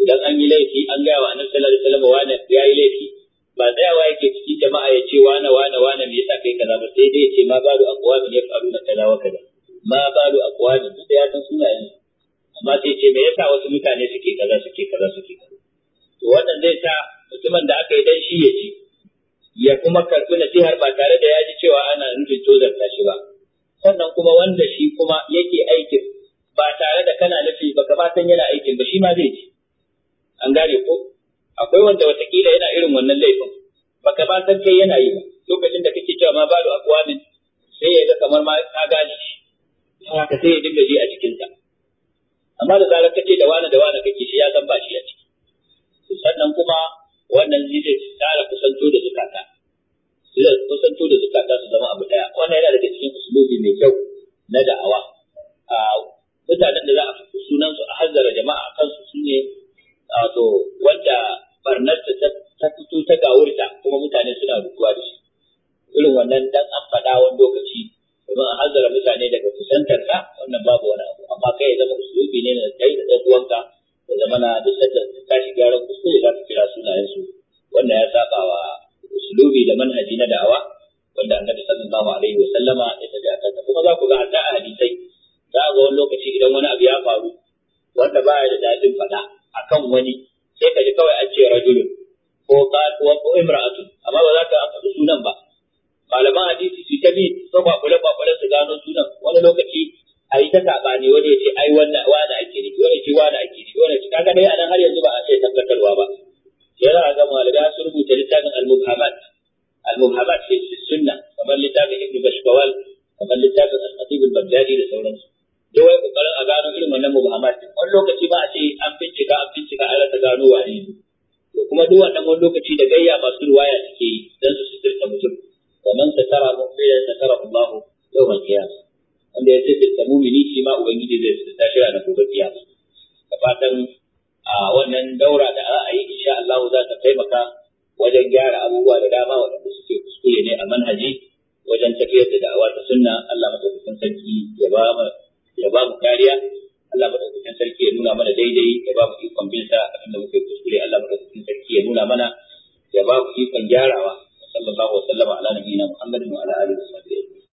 idan an yi laifi an gaya wa annabi sallallahu alaihi wasallam wani ya yi laifi ba tsayawa yake cikin jama'a ya ce wane wane wane me yasa kai kaza ba sai dai ya ce ma ya aqwamin na kaza wa kaza ma balu aqwami duk da ya san suna yi amma sai ce me yasa wasu mutane suke kaza suke kaza suke kaza to wannan zai sa mutumin da aka yi dan shi ya ce ya kuma karɓi nasihar ba tare da ya ji cewa ana nufin ta shi ba sannan kuma wanda shi kuma yake aikin ba tare da kana nufi ba ka ba san yana aikin ba shi ma zai ji an gane ko akwai wanda watakila yana irin wannan laifin baka ba san kai yana yi ba lokacin da kake cewa ma balu aqwamin sai ya ga kamar ma ka gane shi haka sai ya dinga ji a cikin ta amma da zarar kace da wani da wani kake shi ya san ba shi a ciki sannan kuma wannan zai zai tsara kusanto da zukata zai kusanto da zukata su zama abu daya wannan yana daga cikin usulubi mai kyau na da'awa ah, mutanen da za a fi sunansu a hanzara jama'a kansu su ne wato wanda barnar ta fito ta gawurta kuma mutane suna rutuwa da shi irin wannan dan an faɗa wani lokaci domin a hanzara mutane daga kusantar ka wannan babu wani abu amma kai ya zama usulubi ne na kai da ɗan uwanka ya zama na duk sanda ka tashi gyaran kuskure za ka kira sunayensu wannan ya saba wa usulubi da manhaji na da'awa wanda annabi sallallahu alaihi wa sallama ya tafi a kanta kuma za ku ga hatta a hadisai za ga wani lokaci idan wani abu ya faru wanda ba ya da daɗin faɗa akan wani sai ka ji kawai an ce rajulun ko qatuwa ko imra'atun amma ba za ka faɗi sunan ba malaman hadisi su ta bi to ba kula ba kula su gano sunan wani lokaci a yi ta ne wani ya ce ai wannan wani ake ni, wani ce wani ake nufi wani ce kaga dai anan har yanzu ba a ce tabbatarwa ba a ga malamai su rubuta littafin al-mubhamat al muhammad fi sunna kamar littafin ibn bashkawal kamar littafin al-khatib al-baghdadi da sauransu duk wai kokarin a gano irin wannan muhammad din wani lokaci ba a ce an bincika an bincika an rasa gano wane ne to kuma duk wannan wani lokaci da gayya masu ruwaya suke yi dan su da mutum wa man satara mu'minan satara Allahu yawmal qiyamah wanda ya sitirta mu'mini shi ma ubangiji zai sitirta shi ranar gobe kiyama da fatan a wannan daura da a yi insha Allah za ta taimaka wajen gyara abubuwa da dama waɗanda suke kuskure ne a manhaji wajen tafiyar da da'awa ta sunna Allah madaukakin sarki ya ba ya ba mu kariya Allah madaukakin sarki ya nuna mana daidai ya ba mu ikon bin sa abinda muke kuskure Allah madaukakin sarki ya nuna mana ya ba mu ikon gyarawa sallallahu alaihi wa sallama ala nabiyina Muhammadin wa ala alihi wa sahbihi